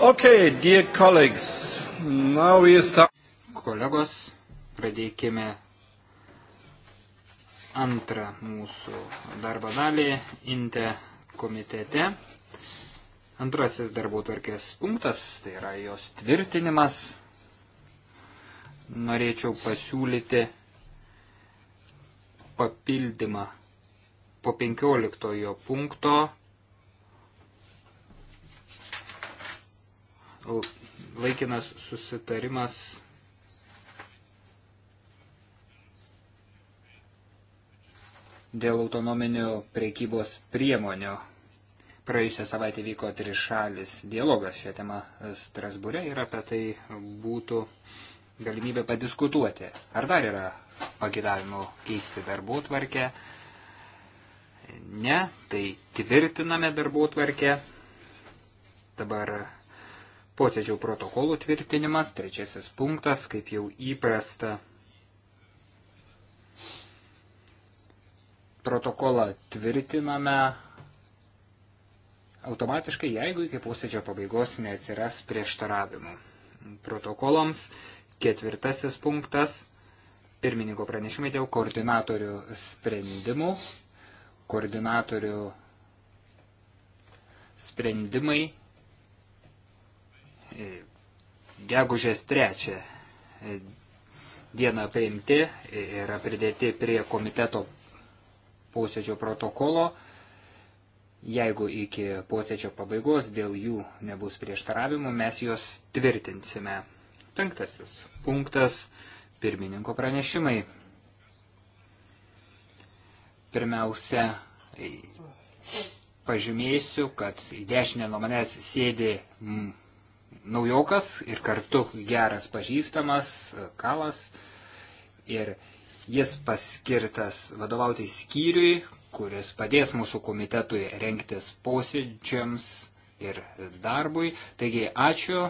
Okay, dear colleagues, now we start. Kolegos, pradėkime antrą mūsų darbo dalį INTE komitete. Antrasis darbo tvarkės punktas, tai yra jos tvirtinimas. Norėčiau pasiūlyti papildymą po 15 punkto laikinas susitarimas dėl autonominių prekybos priemonių. Praėjusią savaitę vyko trišalis dialogas šią temą Strasbūre ir apie tai būtų galimybė padiskutuoti. Ar dar yra pagidavimų keisti darbų tvarkę? Ne, tai tvirtiname darbų tvarkę. Dabar Posėdžių protokolų tvirtinimas, trečiasis punktas, kaip jau įprasta. Protokolą tvirtiname automatiškai, jeigu iki posėdžio pabaigos neatsiras prieštaravimų. Protokolams ketvirtasis punktas – pirmininko pranešimai dėl koordinatorių sprendimų. Koordinatorių sprendimai E, gegužės trečią e, dieną priimti e, yra pridėti prie komiteto posėdžio protokolo. Jeigu iki posėdžio pabaigos dėl jų nebus prieštaravimų, mes juos tvirtinsime. Penktasis punktas - pirmininko pranešimai. Pirmiausia, pažymėsiu, kad dešinė nuo manęs sėdi mm, naujokas ir kartu geras pažįstamas Kalas. Ir jis paskirtas vadovauti skyriui, kuris padės mūsų komitetui renktis posėdžiams ir darbui. Taigi ačiū,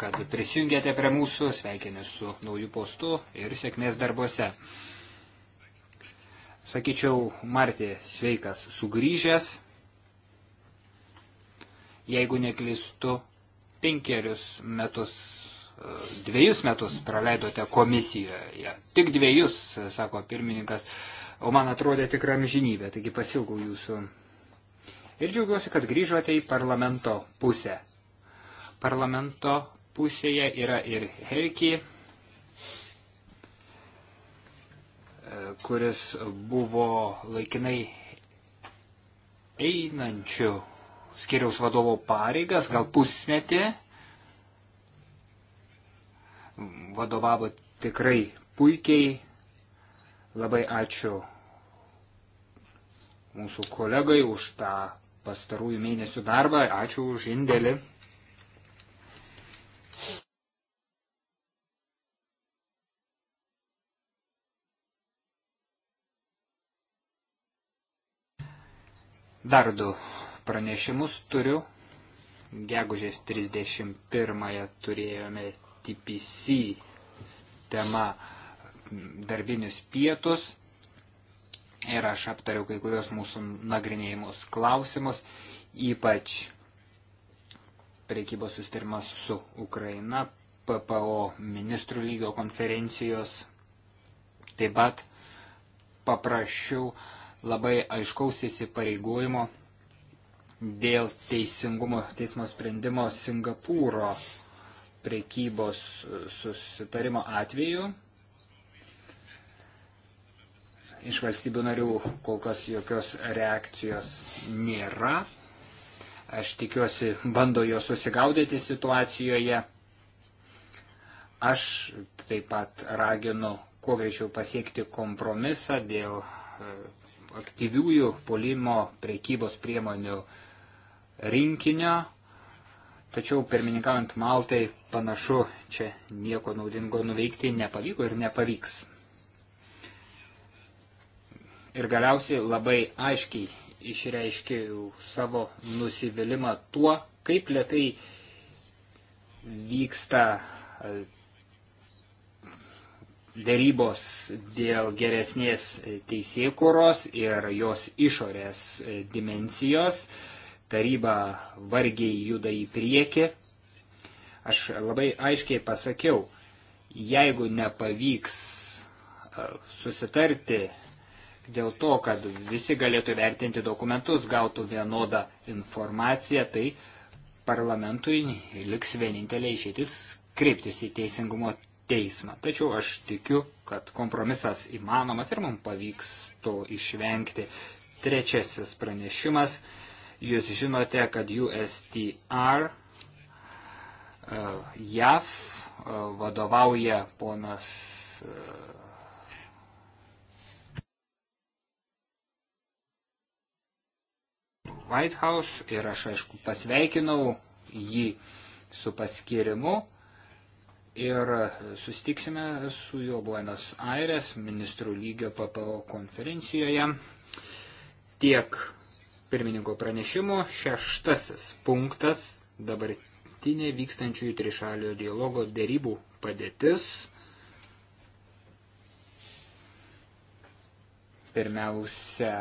kad prisijungėte prie mūsų, sveikinu su naujų postu ir sėkmės darbuose. Sakyčiau, Marti, sveikas sugrįžęs. Jeigu neklistu, penkerius metus, e, dviejus metus praleidote komisijoje. Tik dviejus, e, sako pirmininkas, o man atrodė tikra amžinybė, taigi pasilgau jūsų. Ir džiaugiuosi, kad grįžote į parlamento pusę. Parlamento pusėje yra ir Helki, e, kuris buvo laikinai einančių skiriaus vadovo pareigas, gal pusmetį. Vadovavo tikrai puikiai. Labai ačiū mūsų kolegai už tą pastarųjų mėnesių darbą. Ačiū už indėlį. Dar du pranešimus turiu. Gegužės 31-ąją turėjome TPC tema darbinius pietus ir aš aptariau kai kurios mūsų nagrinėjimus klausimus, ypač priekybos sustarimas su Ukraina, PPO ministrų lygio konferencijos. Taip pat paprašiau labai aiškaus įsipareigojimo dėl teisingumo teismo sprendimo Singapūro prekybos susitarimo atveju. Iš valstybių narių kol kas jokios reakcijos nėra. Aš tikiuosi, bando jo susigaudyti situacijoje. Aš taip pat raginu kuo greičiau pasiekti kompromisą dėl e, aktyviųjų polimo prekybos priemonių uh, rinkinio, tačiau pirmininkaujant Maltai panašu čia nieko naudingo nuveikti nepavyko ir nepavyks. Ir galiausiai labai aiškiai išreiškėjau savo nusivylimą tuo, kaip lietai vyksta e, dėrybos dėl geresnės teisėkuros ir jos išorės e, dimensijos taryba vargiai juda į priekį. Aš labai aiškiai pasakiau, jeigu nepavyks e, susitarti dėl to, kad visi galėtų vertinti dokumentus, gautų vienodą informaciją, tai parlamentui liks vienintelė išeitis kreiptis į teisingumo teismą. Tačiau aš tikiu, kad kompromisas įmanomas ir mums pavyks to išvengti. Trečiasis pranešimas Jūs žinote, kad USTR e, JAV e, vadovauja ponas e, White House ir aš aišku pasveikinau jį su paskirimu ir sustiksime su juo Buenos Aires ministrų lygio PPO konferencijoje. Tiek pirmininko pranešimo šeštasis punktas dabartinė vykstančiųjų trišalio dialogo dėrybų padėtis. Pirmiausia,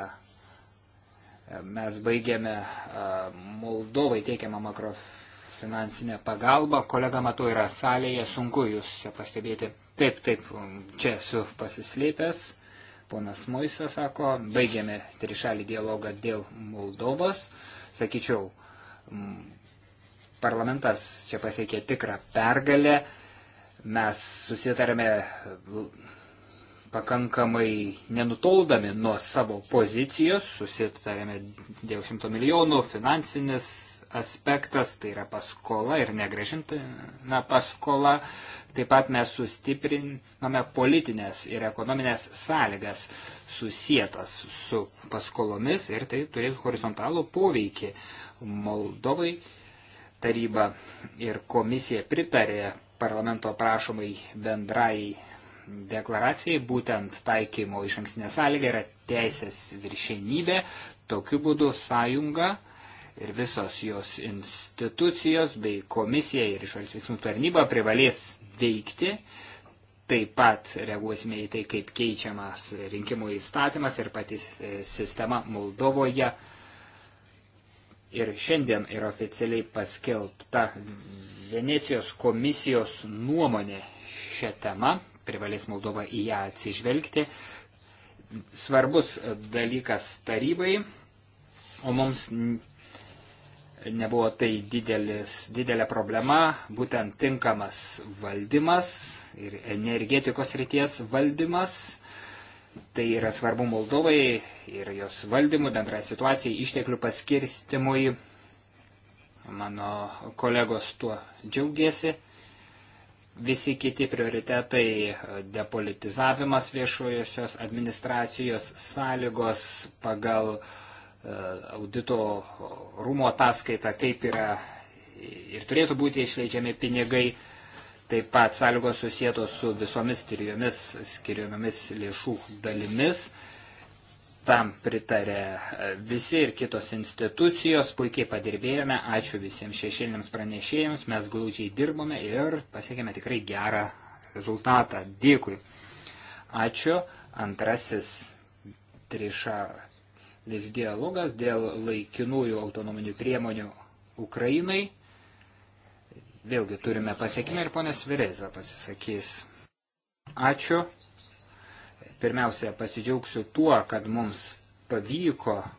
mes baigėme Moldovai teikiamą makrofinansinę pagalbą. Kolega matau yra salėje, sunku jūs čia pastebėti. Taip, taip, čia esu pasislėpęs. Ponas Moisa sako, baigėme trišalį dialogą dėl Moldovos. Sakyčiau, parlamentas čia pasiekė tikrą pergalę. Mes susitarėme pakankamai nenutoldami nuo savo pozicijos, susitarėme dėl šimto milijonų, finansinės aspektas, tai yra paskola ir negražintina paskola. Taip pat mes sustipriname politinės ir ekonominės sąlygas susijęs su paskolomis ir tai turės horizontalų poveikį Moldovai. Taryba ir komisija pritarė parlamento prašomai bendrai deklaracijai, būtent taikymo iš ankstinė sąlyga yra teisės viršenybė, tokiu būdu sąjunga ir visos jos institucijos bei komisija ir išorės veiksmų tarnyba privalės veikti. Taip pat reaguosime į tai, kaip keičiamas rinkimų įstatymas ir pati sistema Moldovoje. Ir šiandien yra oficialiai paskelbta Venecijos komisijos nuomonė šią temą. Privalės Moldova į ją atsižvelgti. Svarbus dalykas tarybai, o mums nebuvo tai didelis, didelė problema, būtent tinkamas valdymas ir energetikos ryties valdymas. Tai yra svarbu Moldovai ir jos valdymui, bendrai situacijai, išteklių paskirstimui. Mano kolegos tuo džiaugiasi. Visi kiti prioritetai - depolitizavimas viešojosios administracijos sąlygos pagal uh, E, audito rūmo ataskaita, kaip yra ir turėtų būti išleidžiami pinigai, taip pat sąlygos susijėtos su visomis trijomis skiriamomis lėšų dalimis. Tam pritarė e, visi ir kitos institucijos, puikiai padirbėjome, ačiū visiems šešėliniams pranešėjams, mes glaudžiai dirbome ir pasiekėme tikrai gerą rezultatą. Dėkui. Ačiū. Antrasis triša dialogas dėl laikinųjų autonominių priemonių Ukrainai. Vėlgi turime pasiekimą ir ponės Vireza pasisakys. Ačiū. Pirmiausia, pasidžiaugsiu tuo, kad mums pavyko e,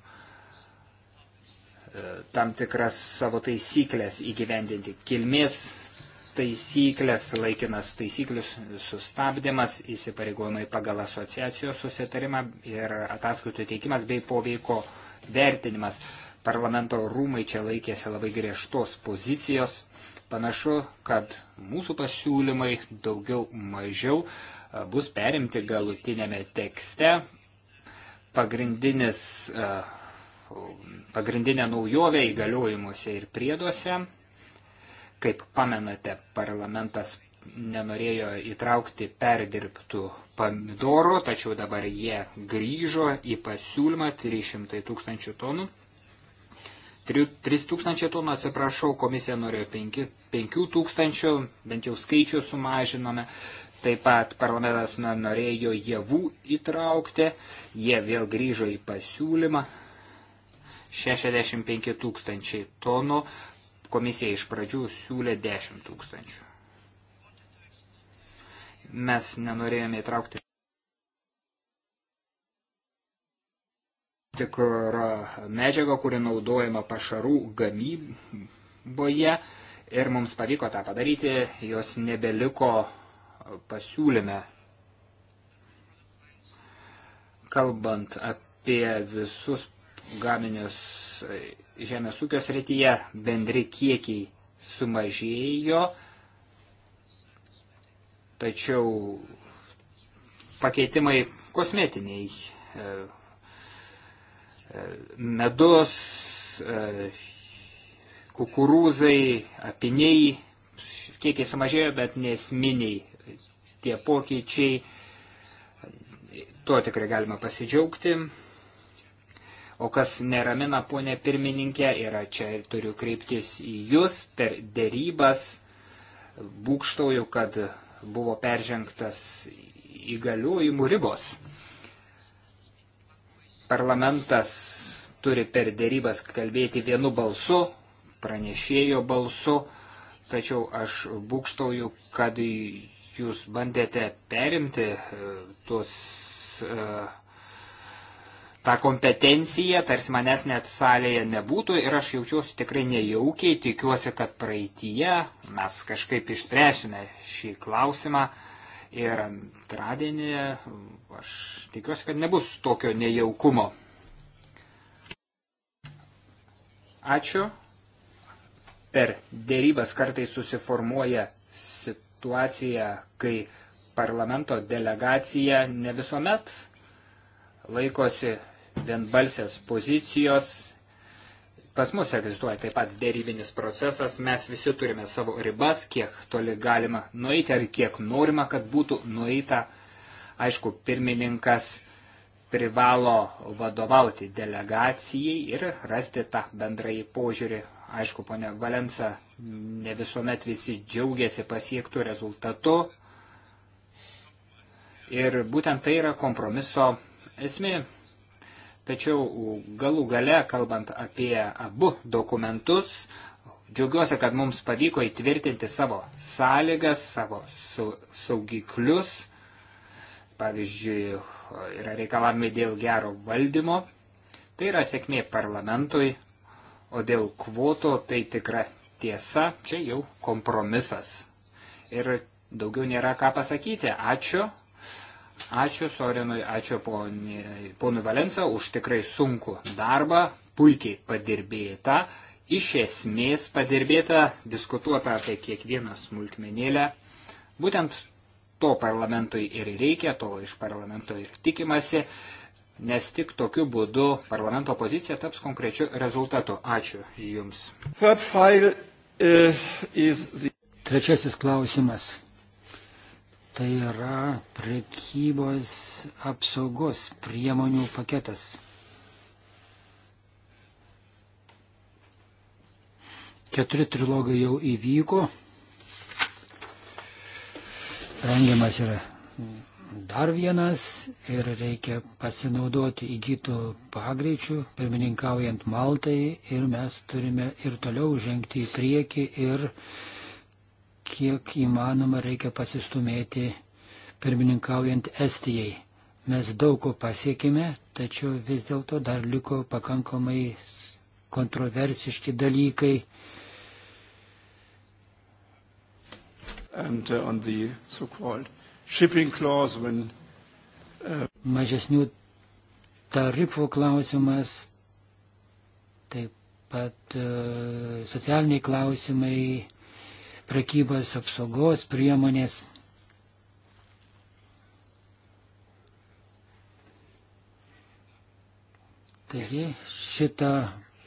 tam tikras savo taisyklės įgyvendinti kilmės taisyklės, laikinas taisyklių sustabdymas, įsipareigojimai pagal asociacijos susitarimą ir ataskaitų teikimas bei poveiko vertinimas. Parlamento rūmai čia laikėsi labai griežtos pozicijos. Panašu, kad mūsų pasiūlymai daugiau mažiau bus perimti galutinėme tekste. Pagrindinis, pagrindinė naujovė įgaliojimuose ir prieduose Kaip pamenate, parlamentas nenorėjo įtraukti perdirbtų pomidorų, tačiau dabar jie grįžo į pasiūlymą 300 tūkstančių tonų. 3 tūkstančiai tonų, atsiprašau, komisija norėjo 5, 5 tūkstančių, bent jau skaičių sumažinome. Taip pat parlamentas norėjo javų įtraukti, jie vėl grįžo į pasiūlymą. 65 tūkstančiai tonų Komisija iš pradžių siūlė 10 tūkstančių. Mes nenorėjome įtraukti tikrą medžiagą, kuri naudojama pašarų gamyboje ir mums pavyko tą padaryti, jos nebeliko pasiūlyme. Kalbant apie visus gaminius žemės ūkio srityje bendri kiekiai sumažėjo, tačiau pakeitimai kosmetiniai, e, e, medus, e, kukurūzai, apiniai, kiekiai sumažėjo, bet nesminiai tie pokyčiai, tuo tikrai galima pasidžiaugti. O kas neramina, ponė pirmininkė, yra čia ir turiu kreiptis į jūs per dėrybas. Būkštauju, kad buvo peržengtas įgaliojimų ribos. Parlamentas turi per dėrybas kalbėti vienu balsu, pranešėjo balsu, tačiau aš būkštauju, kad jūs bandėte perimti e, tuos uh, tą kompetenciją, tarsi manęs net salėje nebūtų ir aš jaučiuosi tikrai nejaukiai, tikiuosi, kad praeitie mes kažkaip išspręsime šį klausimą ir antradienį aš tikiuosi, kad nebus tokio nejaukumo. Ačiū. Per dėrybas kartais susiformuoja situacija, kai parlamento delegacija ne visuomet laikosi vienbalsės pozicijos. Pas mus egzistuoja taip pat dėrybinis procesas, mes visi turime savo ribas, kiek toli galima nueiti ar kiek norima, kad būtų nueita. Aišku, pirmininkas privalo vadovauti delegacijai ir rasti tą bendrąjį požiūrį. Aišku, ponia Valensa, ne visuomet visi džiaugiasi pasiektų rezultatu. Ir būtent tai yra kompromiso esmė. Tačiau galų gale, kalbant apie abu dokumentus, džiaugiuosi, kad mums pavyko įtvirtinti savo sąlygas, savo saugiklius. Pavyzdžiui, yra reikalami dėl gero valdymo. Tai yra sėkmė parlamentui, o dėl kvoto tai tikra tiesa, čia jau kompromisas. Ir daugiau nėra ką pasakyti. Ačiū Ačiū Sorinui, ačiū ponui Valensa už tikrai sunku darbą, puikiai padirbėta, iš esmės padirbėta, diskutuota apie kiekvieną smulkmenėlę. Būtent to parlamentui ir reikia, to iš parlamento ir tikimasi, nes tik tokiu būdu parlamento pozicija taps konkrečiu rezultatu. Ačiū Jums. Eh, Trečiasis klausimas Tai yra prekybos apsaugos priemonių paketas. Keturi trilogai jau įvyko. Rengiamas yra dar vienas ir reikia pasinaudoti įgytų pagreičių, pirmininkaujant Maltai ir mes turime ir toliau žengti į priekį ir uh, kiek įmanoma reikia pasistumėti pirmininkaujant Estijai. Mes daug ko pasiekime, tačiau vis dėlto dar liko pakankamai kontroversiški dalykai. And, uh, on the so shipping clause when, uh... Mažesnių tarifų klausimas, taip pat uh, socialiniai klausimai, prekybos apsaugos priemonės. Taigi šitą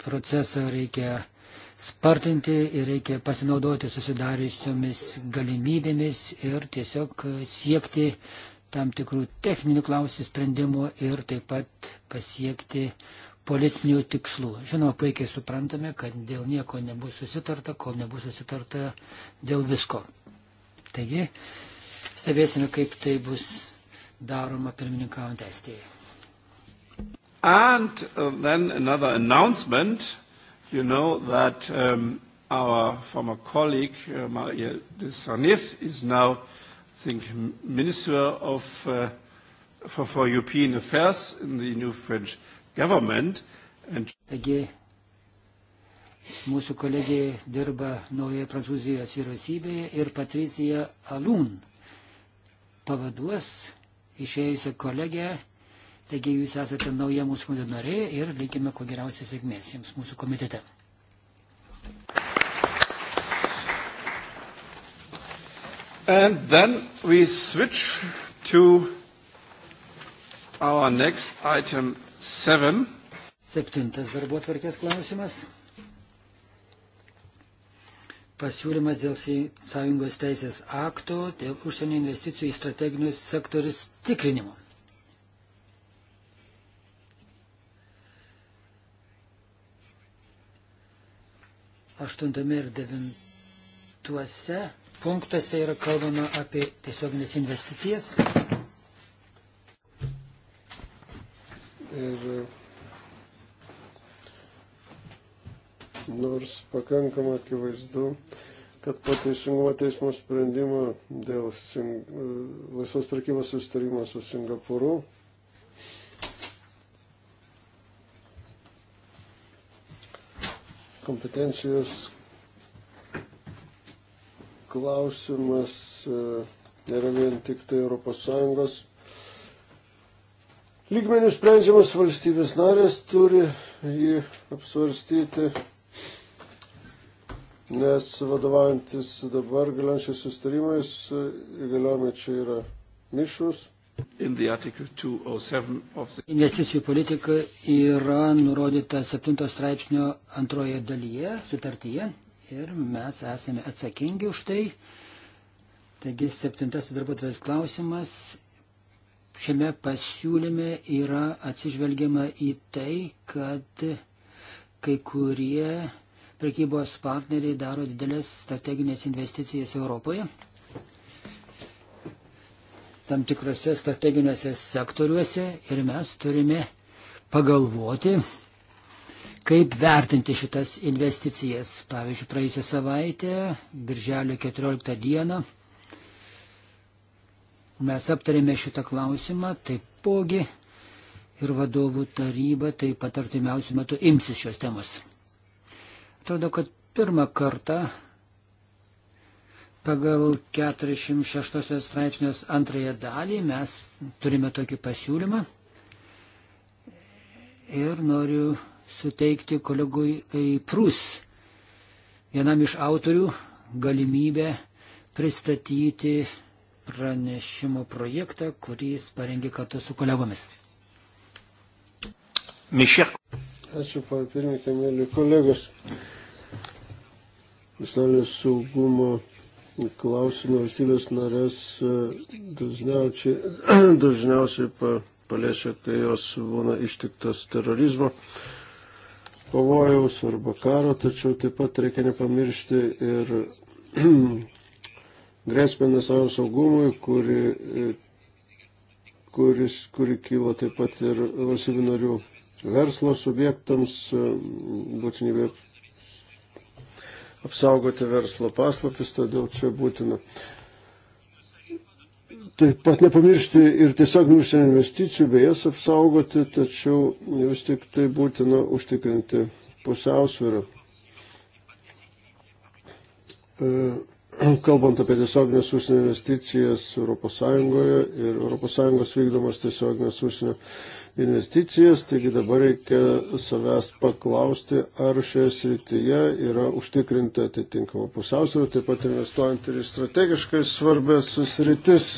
procesą reikia spartinti ir reikia pasinaudoti susidariusiomis galimybėmis ir tiesiog siekti tam tikrų techninių klausimų sprendimų ir taip pat pasiekti politinių tikslų. Žinoma, puikiai suprantame, kad dėl nieko nebus susitarta, kol nebus susitarta dėl visko. Taigi, stebėsime, kaip tai bus daroma pirmininkaujant Estijai. And uh, then another announcement, you know that um, our former colleague uh, Maria de Sarnes is now, I think, Minister of, uh, for, for European Affairs in the new French and... Taigi, mūsų kolegė dirba naujoje Prancūzijos vyriausybėje ir Patricija Alun pavaduos išėjusią kolegę. Taigi jūs esate nauja mūsų komiteto narė ir linkime kuo geriausios sėkmės jums mūsų komitete. And then we switch to our next item Seven. Septintas darbo tvarkės klausimas. Pasiūlymas dėl sąjungos teisės akto, dėl užsienio investicijų į strateginius sektorius tikrinimo. Aštuntame ir devintuose punktuose yra kalbama apie tiesioginės investicijas. Ir nors pakankamai akivaizdu, kad po teisingumo teismo sprendimo dėl sing... E, laisvos prekybos sustarimo su Singapūru kompetencijos klausimas e, nėra vien tik tai ES lygmenių sprendžiamas valstybės narės turi jį apsvarstyti, nes vadovaujantis dabar galiančiais sustarimais įgaliojimai čia yra mišrus. Oh the... Investicijų politika yra nurodyta 7 straipsnio antroje dalyje sutartyje ir mes esame atsakingi už tai. Taigi septintasis darbuotojas klausimas šiame pasiūlyme yra atsižvelgiama į tai, kad kai kurie prekybos partneriai daro didelės strateginės investicijas Europoje, tam tikrose strateginėse sektoriuose ir mes turime pagalvoti, kaip vertinti šitas investicijas. Pavyzdžiui, praėjusią savaitę, birželio 14 dieną, Mes aptarėme šitą klausimą, taipogi ir vadovų taryba taip pat artimiausių metų imsis šios temos. Atrodo, kad pirmą kartą pagal 46 straipsnios antrąją dalį mes turime tokį pasiūlymą ir noriu suteikti kolegui Prus, vienam iš autorių, galimybę pristatyti pranešimo projektą, kurį jis parengė kartu su kolegomis. Mišek. Ačiū, pana pirmininkė, mėly kolegos. Nacionalinio saugumo klausimą valstybės narės e, dažniausiai, dažniausiai pa, paliečia, kai jos būna ištiktas terorizmo pavojaus arba karo, tačiau taip pat reikia nepamiršti ir grėsmę nesavo saugumui, kuri, kuris, kuri kyla taip pat ir valstybių narių verslo subjektams, būtinybė apsaugoti verslo paslaptis, todėl čia būtina. Taip pat nepamiršti ir tiesioginių užsienio investicijų bei jas apsaugoti, tačiau vis tik tai būtina užtikrinti pusiausvyrą. E kalbant apie tiesioginės užsienio investicijas ES ir ES vykdomas tiesioginės užsienio investicijas, taigi dabar reikia savęs paklausti, ar šioje srityje yra užtikrinta atitinkama pusiausvyrą, taip pat investuojant ir į strategiškai svarbės sritis.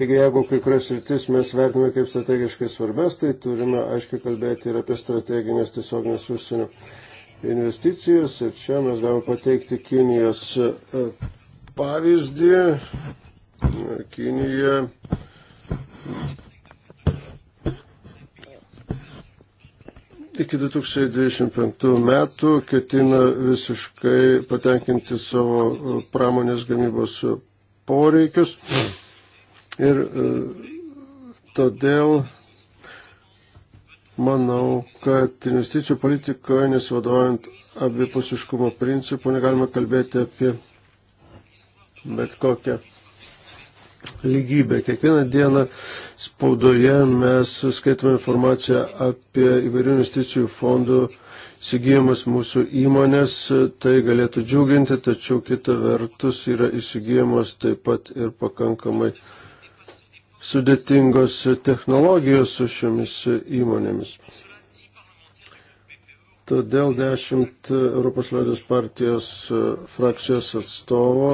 Taigi, jeigu kai kurias rytis mes vertiname kaip strategiškai svarbės, tai turime aiškiai kalbėti ir apie strateginės tiesioginės užsienio investicijas. Ir čia mes galime pateikti Kinijos e, pavyzdį. Kinija iki 2025 metų ketina visiškai patenkinti savo pramonės gamybos poreikius. Mm Ir e, todėl manau, kad investicijų politikoje nesivadovaujant abipusiškumo principų negalima kalbėti apie bet kokią lygybę. Kiekvieną dieną spaudoje mes skaitome informaciją apie įvairių investicijų fondų įsigijimus mūsų įmonės. Tai galėtų džiuginti, tačiau kita vertus yra įsigijimas taip pat ir pakankamai uh, sudėtingos technologijos su šiomis įmonėmis. Todėl dešimt Europos liaudės partijos frakcijos atstovo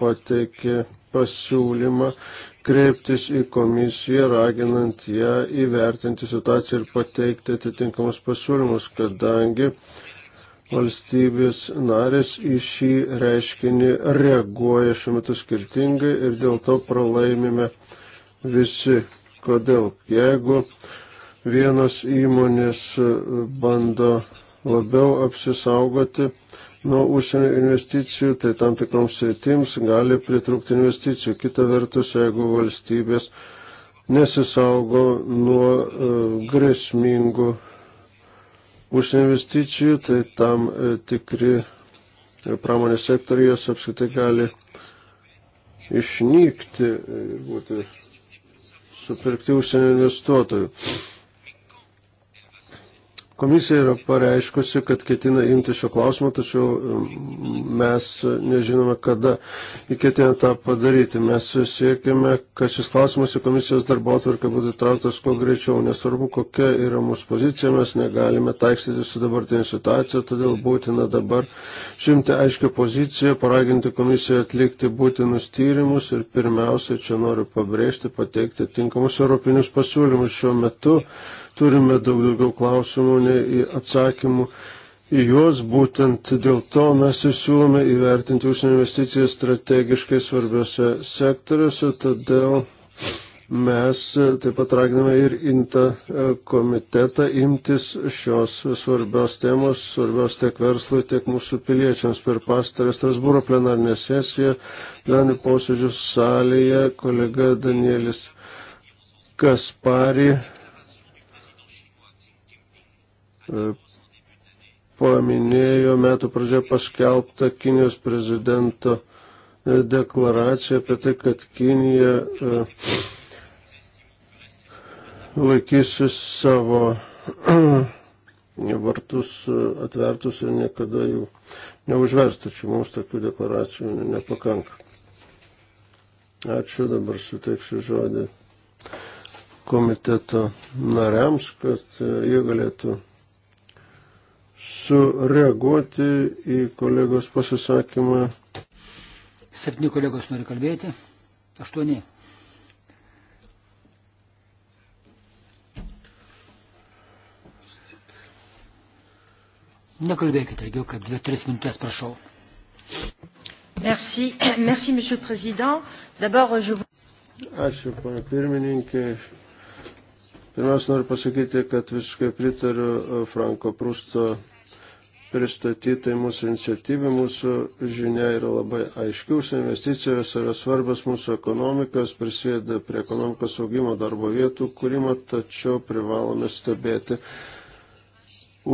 pateikė pasiūlymą kreiptis į komisiją, raginant ją įvertinti situaciją ir pateikti atitinkamus pasiūlymus, kadangi valstybės narės į šį reiškinį reaguoja šiuo metu skirtingai ir dėl to pralaimime uh, visi. Kodėl? Jeigu vienos įmonės bando labiau apsisaugoti nuo užsienio investicijų, tai tam tikroms sritims gali pritrūkti investicijų. Kita vertus, jeigu valstybės nesisaugo nuo uh, grėsmingų užsienio investicijų, tai tam uh, tikri e, pramonės sektorijos apskritai gali išnykti ir būti supirkti užsienio investuotojų. Komisija yra pareiškusi, kad ketina imti šio klausimo, tačiau um, mes nežinome, kada ketina tą padaryti. Mes siekime, kad šis klausimas į komisijos darbo atvarkę būtų traktas kuo greičiau. Nesvarbu, kokia yra mūsų pozicija, mes negalime taikstyti su dabartinė situacija, todėl būtina dabar šimti aiškę poziciją, paraginti komisiją atlikti būtinus tyrimus ir pirmiausia, čia noriu pabrėžti, pateikti tinkamus europinius pasiūlymus šiuo metu turime daug daugiau klausimų nei atsakymų. Į juos būtent dėl to mes ir siūlome įvertinti užsienio investicijas strategiškai svarbiose sektoriuose, todėl mes taip pat raginame ir INTA e, komitetą imtis šios svarbios temos, svarbios tiek verslui, tiek mūsų piliečiams. Per pastarę Strasbūro plenarinę sesiją, plenarių posėdžių salėje kolega Danielis Kaspari paminėjo metų pradžioje paskelbtą Kinijos prezidento e, deklaraciją apie tai, kad Kinija e, laikysis savo vartus e, atvertus ir niekada jų neužvers, tačiau mums tokių deklaracijų nepakanka. Ačiū, dabar suteiksiu žodį komiteto nariams, kad jie galėtų sureaguoti į kolegos pasisakymą. Septyni kolegos nori kalbėti, aštuoni. Nekalbėkite ilgiau kaip dvi, tris minutės, prašau. Merci, merci, monsieur le président. D'abord, je vous. Ačiū, pana pirmininkė. Pirmiausia, noriu pasakyti, kad visiškai pritariu e, Franko Prusto pristatytai mūsų iniciatyvai, mūsų žinia yra labai aiški, užsienio investicijos yra svarbios mūsų ekonomikos, prisėda prie ekonomikos augimo darbo vietų kūrimo, tačiau privalome stebėti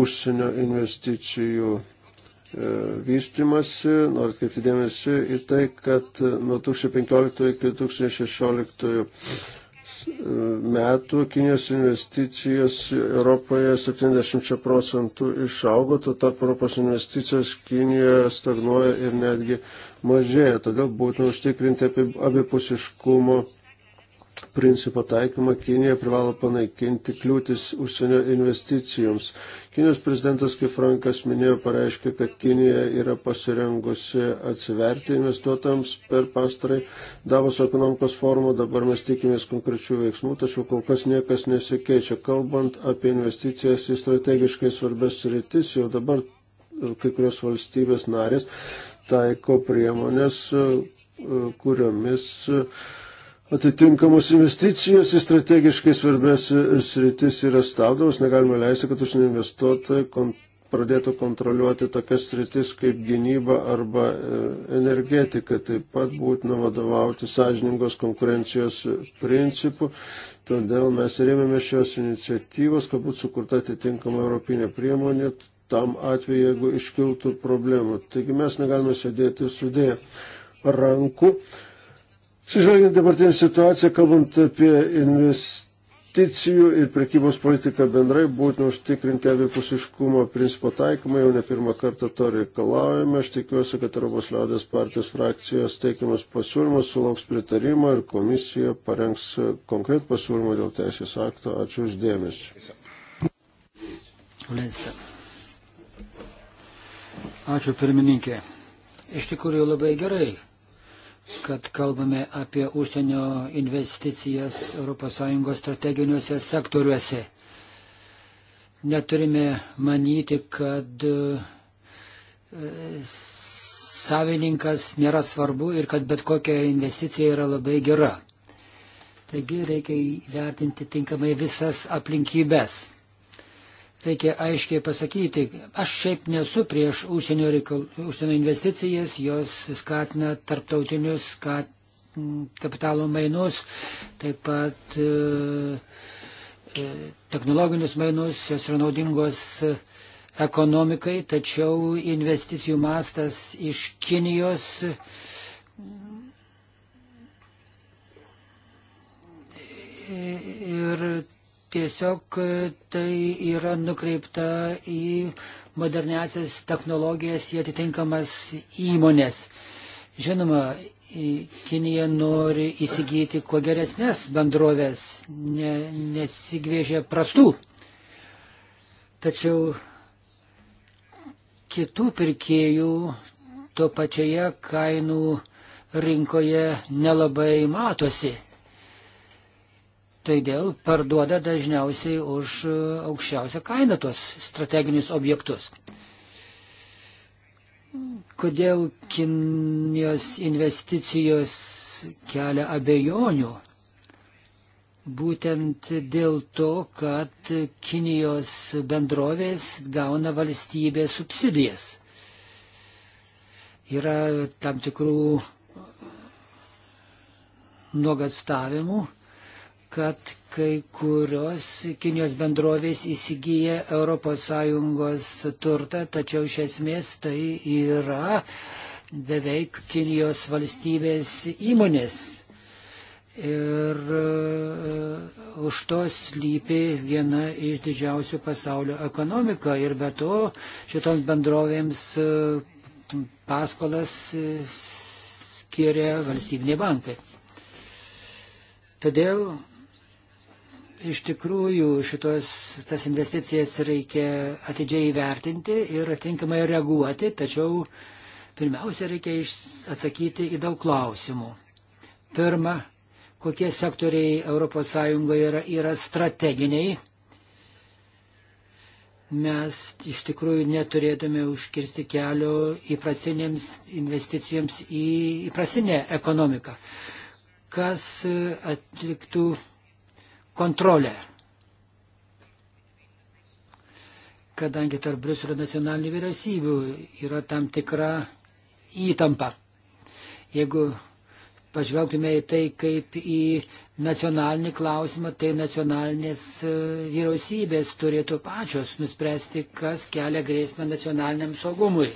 užsienio investicijų e, vystimasi, noriu atkreipti dėmesį į tai, kad nuo 2015 iki 2016 metų Kinijos investicijos Europoje 70 procentų išaugo, tuo tarp Europos investicijos Kinijoje stagnuoja ir netgi mažėja. Todėl būtina užtikrinti abipusiškumo principo taikymą. Kinija privalo panaikinti kliūtis užsienio investicijoms. Kinijos prezidentas, kaip Frankas minėjo, pareiškė, kad Kinija yra pasirengusi atsiverti investuotams per pastarai Davos ekonomikos formą, dabar mes tikimės konkrečių veiksmų, tačiau kol kas niekas nesikeičia. Kalbant apie investicijas į strategiškai svarbės rytis, jau dabar kai kurios valstybės narės taiko priemonės, kuriomis uh, atitinkamos investicijos į strategiškai svarbės sritis yra stabdomos, negalima leisti, kad užsienio investuotojai kon pradėtų kontroliuoti tokias sritis kaip gynyba arba e, energetika. Taip pat būtina vadovauti sąžiningos konkurencijos principų. Todėl mes rėmėme šios iniciatyvos, kad būtų sukurta atitinkama europinė priemonė tam atveju, jeigu iškiltų problemų. Taigi mes negalime sėdėti sudėję rankų. Uh, Sužvelgiant dabartinę situaciją, kalbant apie investicijų ir prekybos politiką bendrai, būtina užtikrinti abipusiškumo principo taikymą, jau ne pirmą kartą to reikalaujame. Aš tikiuosi, kad Europos liaudės partijos frakcijos teikiamas pasiūlymas sulauks pritarimo ir komisija parengs konkret pasiūlymą dėl teisės akto. Ačiū uždėmesi. Lisa. Ačiū pirmininkė. Iš tikrųjų labai gerai kad kalbame apie užsienio investicijas ES strateginiuose sektoriuose. Neturime manyti, kad e, savininkas nėra svarbu ir kad bet kokia investicija yra labai gera. Taigi reikia vertinti tinkamai visas aplinkybės reikia aiškiai pasakyti, aš šiaip nesu prieš užsienio, reikal, užsienio investicijas, jos skatina tarptautinius skat, kapitalo mainus, taip pat e, e technologinius mainus, jos yra naudingos ekonomikai, tačiau investicijų mastas iš Kinijos e, ir tiesiog tai yra nukreipta į moderniasias technologijas, į atitinkamas įmonės. Žinoma, Kinija nori įsigyti kuo geresnės bendrovės, ne, nesigvėžia prastų. Tačiau kitų pirkėjų to pačioje kainų rinkoje nelabai matosi todėl parduoda dažniausiai už e, aukščiausią kainą tuos strateginius objektus. Kodėl Kinijos investicijos kelia abejonių? Būtent dėl to, kad Kinijos bendrovės gauna valstybės subsidijas. Yra tam tikrų nuogastavimų kad kai kurios Kinijos bendrovės įsigyja ES turtą, tačiau iš esmės tai yra beveik Kinijos valstybės įmonės. Ir e, už to slypi viena iš didžiausių pasaulio ekonomika ir be to šitoms bendrovėms e, paskolas e, skiria valstybiniai bankai. Todėl Iš tikrųjų, šitos, tas investicijas reikia atidžiai įvertinti ir atinkamai reaguoti, tačiau pirmiausia, reikia atsakyti į daug klausimų. Pirma, kokie sektoriai ES yra, yra strateginiai. Mes iš tikrųjų neturėtume užkirsti kelio įprasinėms investicijoms į įprasinę ekonomiką. Kas atliktų kontrolę. Kadangi tarp Briuselio nacionalinių vyriausybių yra tam tikra įtampa. Jeigu pažvelgtume į tai kaip į nacionalinį klausimą, tai nacionalinės e, vyriausybės turėtų pačios nuspręsti, kas kelia grėsmę nacionaliniam saugumui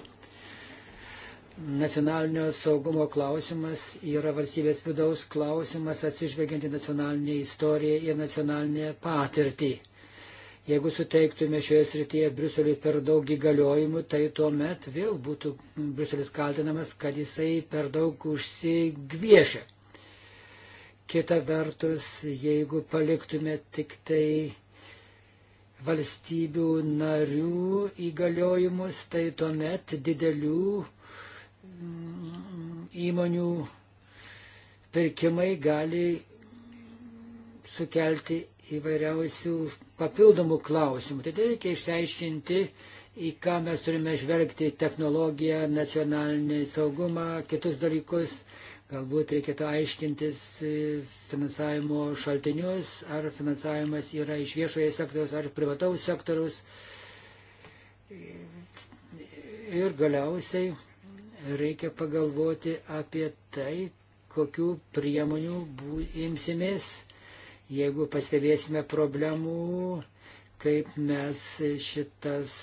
nacionalinio saugumo klausimas yra valstybės vidaus klausimas atsižvelgiant į nacionalinę istoriją ir nacionalinę patirtį. Jeigu suteiktume šioje srityje Bruseliui per daug įgaliojimų, tai tuomet vėl būtų Bruselis kaltinamas, kad jisai per daug užsigviešia. Kita vertus, jeigu paliktume tik tai valstybių narių įgaliojimus, tai tuomet didelių įmonių pirkimai gali sukelti įvairiausių papildomų klausimų. Todėl reikia išsiaiškinti, į ką mes turime žvelgti - technologiją, nacionalinį saugumą, kitus dalykus. Galbūt reikėtų aiškintis e, finansavimo šaltinius, ar finansavimas yra iš viešojo sektoriaus ar privataus sektoriaus. Ir galiausiai reikia pagalvoti apie tai, kokiu priemonių imsimės, jeigu pastebėsime problemų, kaip mes šitas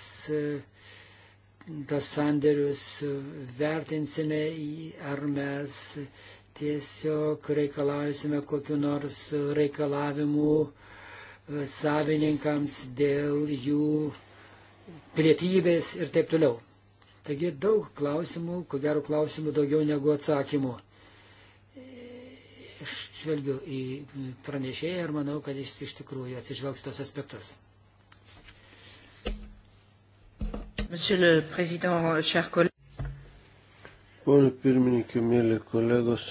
tos sandėrius vertinsime, ar mes tiesiog reikalausime kokiu nors reikalavimu savininkams dėl jų pilietybės ir taip toliau. Taigi daug klausimų, ko gero klausimų daugiau negu atsakymų. Aš žvelgiu į pranešėją ir manau, kad jis iš tikrųjų atsižvelgs tos aspektus. Pone pirmininkė, mėly kolegos,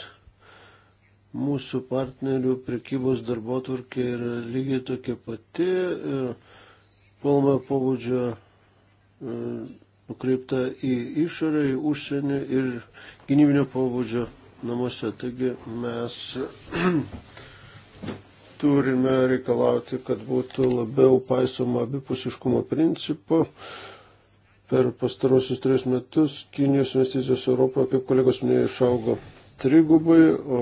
mūsų partnerių prekybos darbotvarkė yra lygiai tokia pati, puolama pobūdžio e, nukreipta į išorę, į užsienį ir gynybinio pobūdžio namuose. Taigi mes turime reikalauti, kad būtų labiau paisoma abipusiškumo principo. Per pastarosius tris metus Kinijos investicijos Europoje, kaip kolegos minėjo, išaugo trigubai, o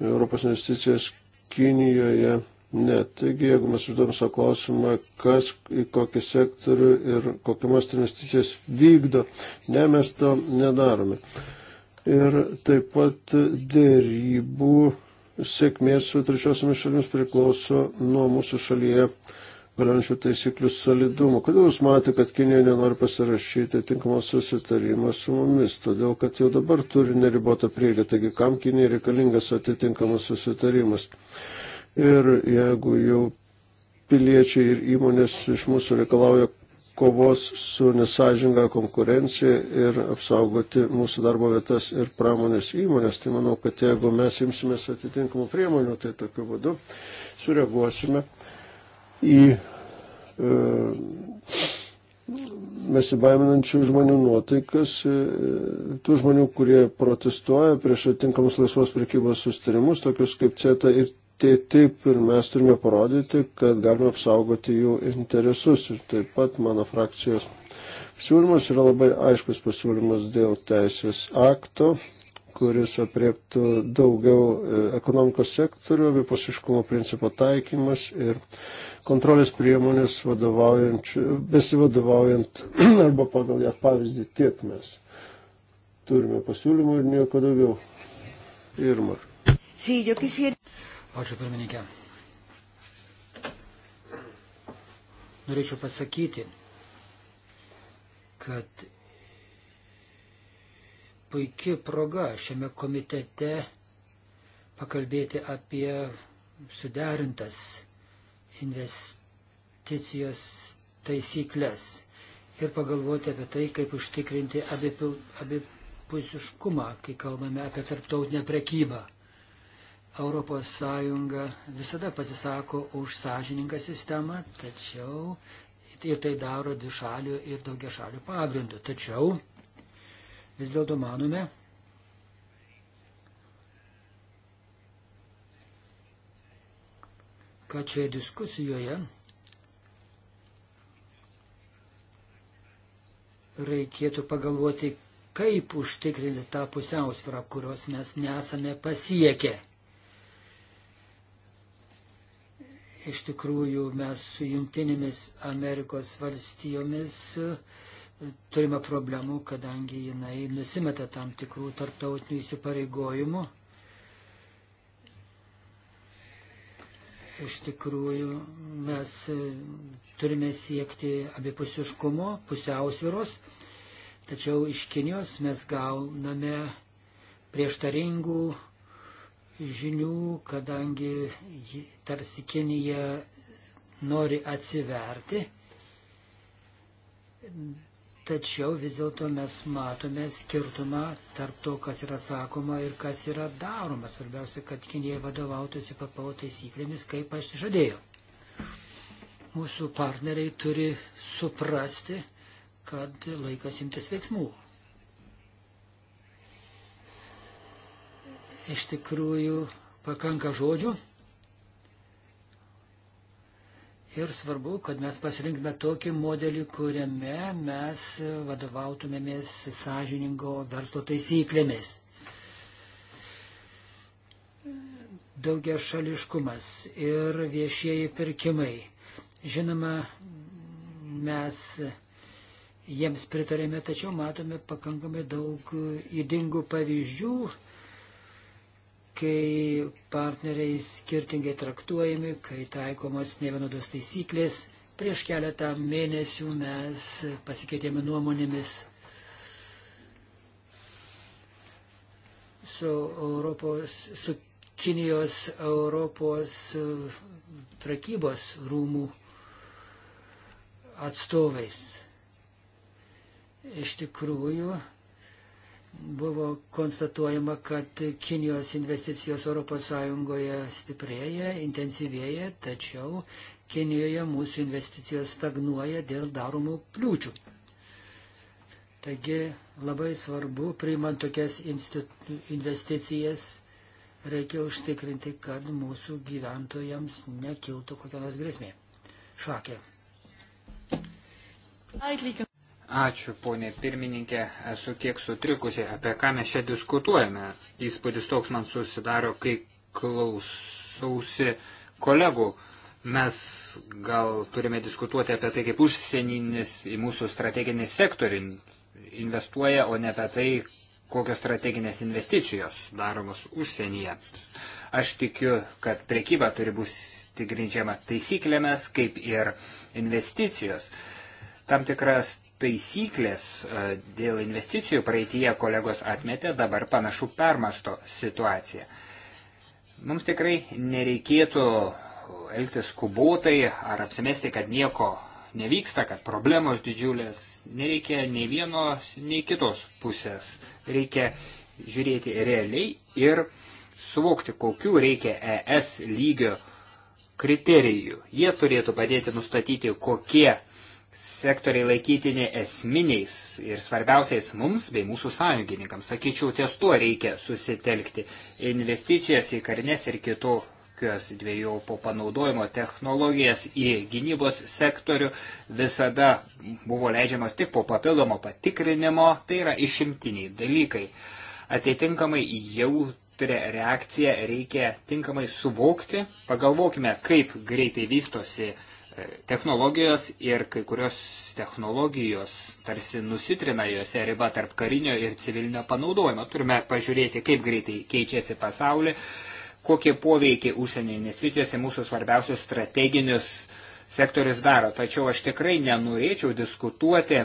Europos investicijos Kinijoje Ne, taigi jeigu mes užduom savo klausimą, kas į kokį sektorių ir kokiamas investicijas vykdo, ne, mes to nedarome. Ir taip pat dėrybų sėkmės su trečiosiamis šalimis priklauso nuo mūsų šalyje galiojančių taisyklių solidumo. Kodėl jūs matote, kad Kinija nenori pasirašyti tinkamo susitarimą su mumis? Todėl, kad jau dabar turi neribotą prieigą, taigi kam Kinija reikalingas atitinkamas susitarimas? Ir jeigu jau piliečiai ir įmonės iš mūsų reikalauja kovos su nesažinga konkurencija ir apsaugoti mūsų darbo vietas ir pramonės įmonės. Tai manau, kad jeigu mes imsimės atitinkamų priemonių, tai tokiu būdu sureaguosime į e, besibaiminančių žmonių nuotaikas, e, tų žmonių, kurie protestuoja prieš atitinkamus laisvos prekybos sustarimus, tokius kaip CETA ir tai taip ir mes turime parodyti, kad galime apsaugoti jų interesus. Ir taip pat mano frakcijos pasiūlymas yra labai aiškus pasiūlymas dėl teisės akto, kuris apriektų daugiau e, ekonomikos sektorių, vipusiškumo principo taikymas ir kontrolės priemonės besivadovaujant arba pagal ją pavyzdį tiek mes turime pasiūlymų ir nieko daugiau. Irma. Sí, yo quisiera... Ačiū pirmininkė. Norėčiau pasakyti, kad puikia proga šiame komitete pakalbėti apie suderintas investicijos taisyklės ir pagalvoti apie tai, kaip užtikrinti abipusiškumą, kai kalbame apie tarptautinę prekybą. ES visada pasisako už sąžininką sistemą, tačiau ir tai daro dvišalių ir daugiašalių pagrindų. Tačiau vis dėlto manome, kad šioje diskusijoje reikėtų pagalvoti, kaip užtikrinti tą pusiausvyrą, kurios mes nesame pasiekę. Iš tikrųjų, mes su Junktinėmis Amerikos valstijomis e, turime problemų, kadangi jinai nusimeta tam tikrų tarptautinių įsipareigojimų. Iš tikrųjų, mes e, turime siekti abipusiškumo, pusiausviros, tačiau iš Kinijos mes gauname prieštaringų žinių, kadangi tarsi Kinija nori atsiverti. Tačiau vis dėlto mes matome skirtumą tarp to, kas yra sakoma ir kas yra daroma. Svarbiausia, kad Kinija vadovautųsi PPO taisyklėmis, kaip aš žadėjau. Mūsų partneriai turi suprasti, kad laikas imtis veiksmų. iš tikrųjų pakanka žodžių. Ir svarbu, kad mes pasirinktume tokį modelį, kuriame mes vadovautumėmės sąžiningo verslo taisyklėmis. Daugia šališkumas ir viešieji pirkimai. Žinoma, mes jiems pritarėme, tačiau matome pakankamai daug įdingų pavyzdžių kai partneriai skirtingai traktuojami, kai taikomos ne vienodos taisyklės. Prieš keletą mėnesių mes pasikeitėme nuomonėmis su, Europos, su Kinijos Europos e, prekybos rūmų atstovais. Iš tikrųjų, buvo konstatuojama, kad Kinijos investicijos ES stiprėja, intensyvėja, tačiau Kinijoje mūsų investicijos stagnuoja dėl daromų kliūčių. Taigi labai svarbu, priimant tokias investicijas, reikia užtikrinti, kad mūsų gyventojams nekiltų kokia nors grėsmė. Šakė. Ačiū, ponė pirmininkė, esu kiek sutrikusi, apie ką mes čia diskutuojame. Įspūdis toks man susidaro, kai klausausi kolegų. Mes gal turime diskutuoti apie tai, kaip užsieninis į mūsų strateginį sektorį investuoja, o ne apie tai, kokios strateginės investicijos daromos užsienyje. Aš tikiu, kad prekyba turi būti grindžiama taisyklėmis, kaip ir investicijos tam tikras taisyklės e, dėl investicijų praeitie kolegos atmetė, dabar panašu permasto situaciją. Mums tikrai nereikėtų elgtis skubotai ar apsimesti, kad nieko nevyksta, kad problemos didžiulės. Nereikia nei vienos, nei kitos pusės. Reikia žiūrėti realiai ir suvokti, kokiu reikia ES lygio kriterijų. Jie turėtų padėti nustatyti, kokie sektoriai laikytini esminiais ir svarbiausiais mums bei mūsų sąjungininkams. Sakyčiau, ties tuo reikia susitelkti. Investicijos į karnes ir kitokios dviejų po panaudojimo technologijas į gynybos sektorių visada buvo leidžiamas tik po papildomo patikrinimo, tai yra išimtiniai dalykai. Atitinkamai jau jautrią reakciją reikia tinkamai suvokti. Pagalvokime, kaip greitai vystosi technologijos ir kai kurios technologijos tarsi nusitrina juose riba tarp karinio ir civilinio panaudojimo. Turime pažiūrėti, kaip greitai keičiasi pasaulį, kokie poveikiai užsienio investicijose mūsų svarbiausius strateginius sektorius daro. Tačiau aš tikrai nenorėčiau diskutuoti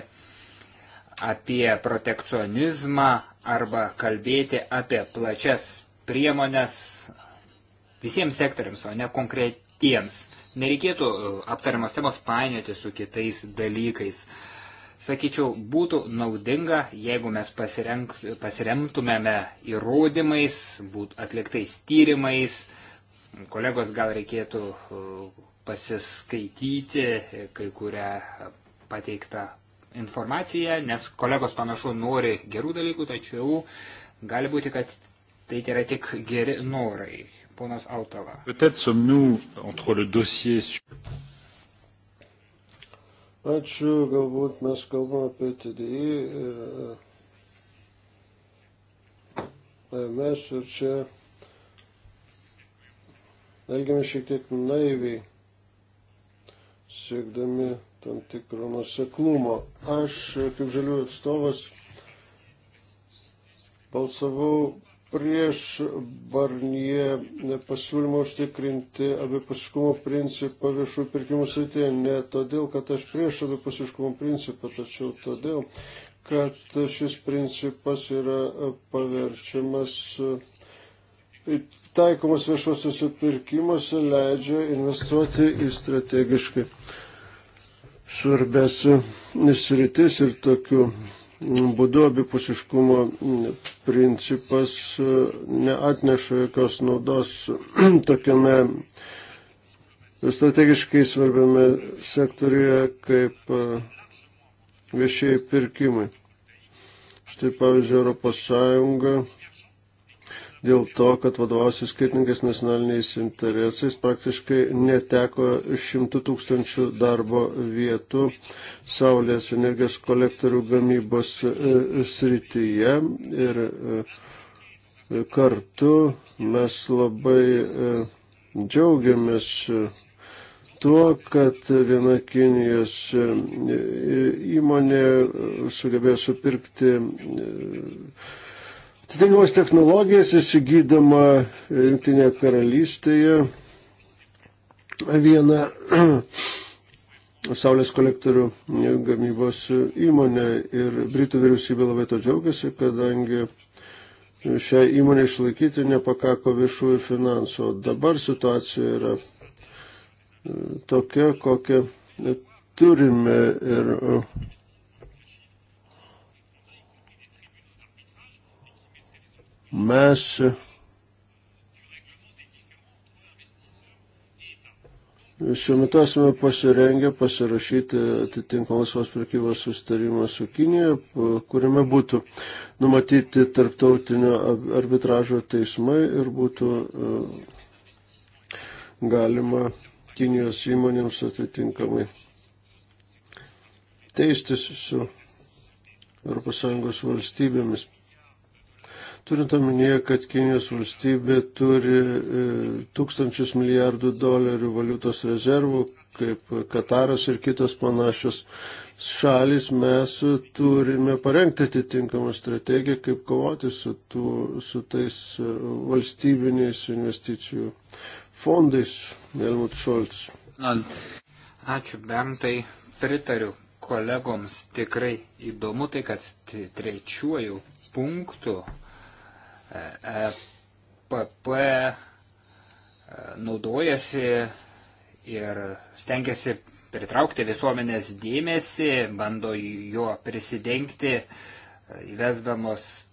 apie protekcionizmą arba kalbėti apie plačias priemonės visiems sektoriams, o ne konkretiems Nereikėtų e, aptariamas temos painioti su kitais dalykais. Sakyčiau, būtų naudinga, jeigu mes pasiremtumėme įrodymais, būt atliktais tyrimais. Kolegos gal reikėtų e, pasiskaityti kai kurią pateiktą informaciją, nes kolegos panašu nori gerų dalykų, tačiau gali būti, kad tai yra tik geri norai ponas Autala. Ačiū, galbūt mes kalbame apie TDI ir e, e, mes ir čia elgiame šiek tiek naiviai, siekdami tam tikro nuseklumo. Aš, kaip žaliųjų atstovas, balsavau prieš Barnie pasiūlymą užtikrinti abipusiškumo principą viešų pirkimų srityje. Ne todėl, kad aš prieš abipusiškumo principą, tačiau todėl, kad šis principas yra paverčiamas, taikomas viešuosiuose pirkimuose, leidžia investuoti į strategiškai svarbes sritis ir tokiu būdu abipusiškumo principas e, neatneša jokios naudos tokiame strategiškai svarbiame sektoriuje kaip e, viešieji pirkimai. Štai pavyzdžiui, Europos Sąjunga dėl to, kad vadovausi skirtingais nacionaliniais interesais, praktiškai neteko šimtų tūkstančių darbo vietų saulės energijos kolektorių gamybos e, srityje. Ir e, kartu mes labai e, džiaugiamės tuo, kad viena Kinijos įmonė sugebėjo supirkti Atitinkamas technologijas įsigydama Junktinėje karalystėje vieną saulės kolektorių gamybos įmonę ir Britų vyriausybė labai to džiaugiasi, kadangi šią įmonę išlaikyti nepakako viešųjų finansų. O dabar situacija yra e, tokia, kokią turime ir Mes Šiuo metu esame pasirengę pasirašyti atitinkamą laisvos prekybos sustarimą su Kinija, kuriame būtų numatyti tarptautinio arbitražo teismai ir būtų e, galima Kinijos įmonėms atitinkamai teistis su ES valstybėmis. Turint omenyje, kad Kinijos valstybė turi e, tūkstančius milijardų dolerių valiutos rezervų, kaip Kataras ir kitos panašios šalis, mes turime parengti atitinkamą strategiją, kaip kovoti su, tų, su tais e, valstybiniais investicijų fondais. Helmut Šolts. Ačiū, Bentai. Pritariu kolegoms tikrai įdomu tai, kad trečiuoju punktu EPP e, naudojasi ir stengiasi pritraukti visuomenės dėmesį, bando juo prisidengti,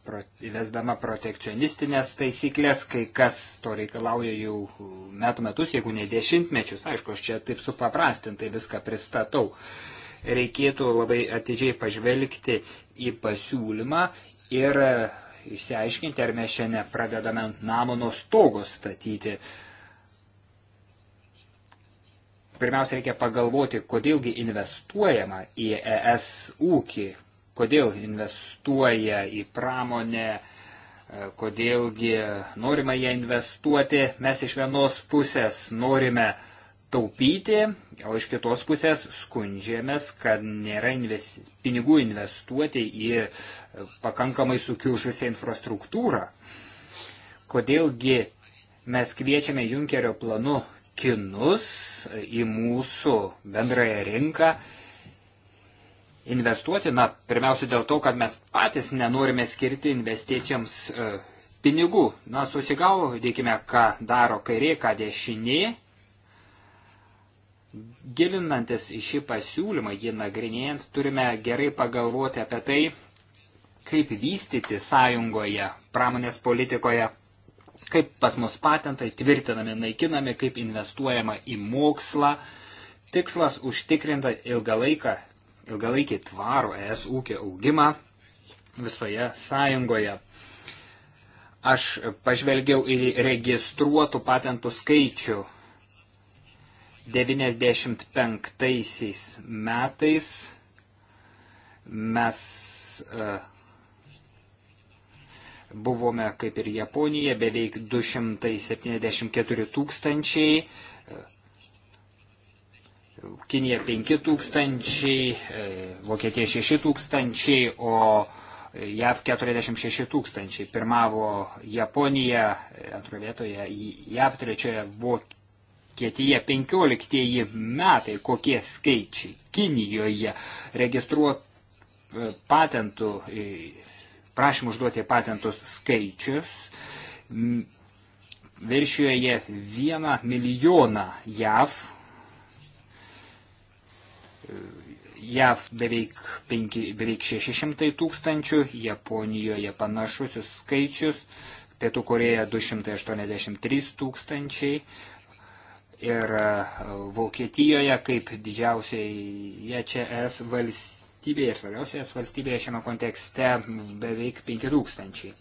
pro, įvesdama protekcionistinės taisyklės, kai kas to reikalauja jau metų metus, jeigu ne dešimtmečius, aišku, aš čia taip supaprastintai viską pristatau. Reikėtų labai atidžiai pažvelgti į pasiūlymą ir išsiaiškinti, ar mes šiandien pradedame namo nuo stogo statyti. Pirmiausia, reikia pagalvoti, kodėlgi investuojama į ES ūkį, kodėl investuoja į pramonę, kodėlgi norima ją investuoti. Mes iš vienos pusės norime uh, taupyti, o iš kitos pusės skundžiamės, kad nėra investi pinigų investuoti į pakankamai sukiužusią infrastruktūrą. Kodėlgi mes kviečiame Junkerio planu kinus į mūsų bendrąją rinką investuoti, na, pirmiausia dėl to, kad mes patys nenorime skirti investicijoms e, pinigų. Na, susigaudykime, ką daro kairė, ką dešinė Gilinantis į šį pasiūlymą, jį nagrinėjant, turime gerai pagalvoti apie tai, kaip vystyti sąjungoje, pramonės politikoje, kaip pas mus patentai tvirtinami, naikinami, kaip investuojama į mokslą. Tikslas užtikrinta ilgalaiką, ilgalaikį tvarų ES ūkio augimą visoje sąjungoje. Aš pažvelgiau į registruotų patentų skaičių 95 metais mes e, buvome, kaip ir Japonija, beveik 274 tūkstančiai, e, Kinija 5 tūkstančiai, e, Vokietija 6 tūkstančiai, o JAV 46 tūkstančiai. Pirmavo Japonija, antroje vietoje JAV, trečioje Vokietija Kietyje 15 metai, kokie skaičiai Kinijoje registruotų e, patentų, e, prašymų užduoti patentus skaičius viršijoje 1 milijoną JAV, JAV beveik, 5, beveik 600 tūkstančių, Japonijoje panašusius skaičius, Pietų Koreja 283 tūkstančiai, ir e, Vokietijoje kaip didžiausioje čia es valstybėje ir svarbiausioje es valstybėje šiame kontekste beveik 5000.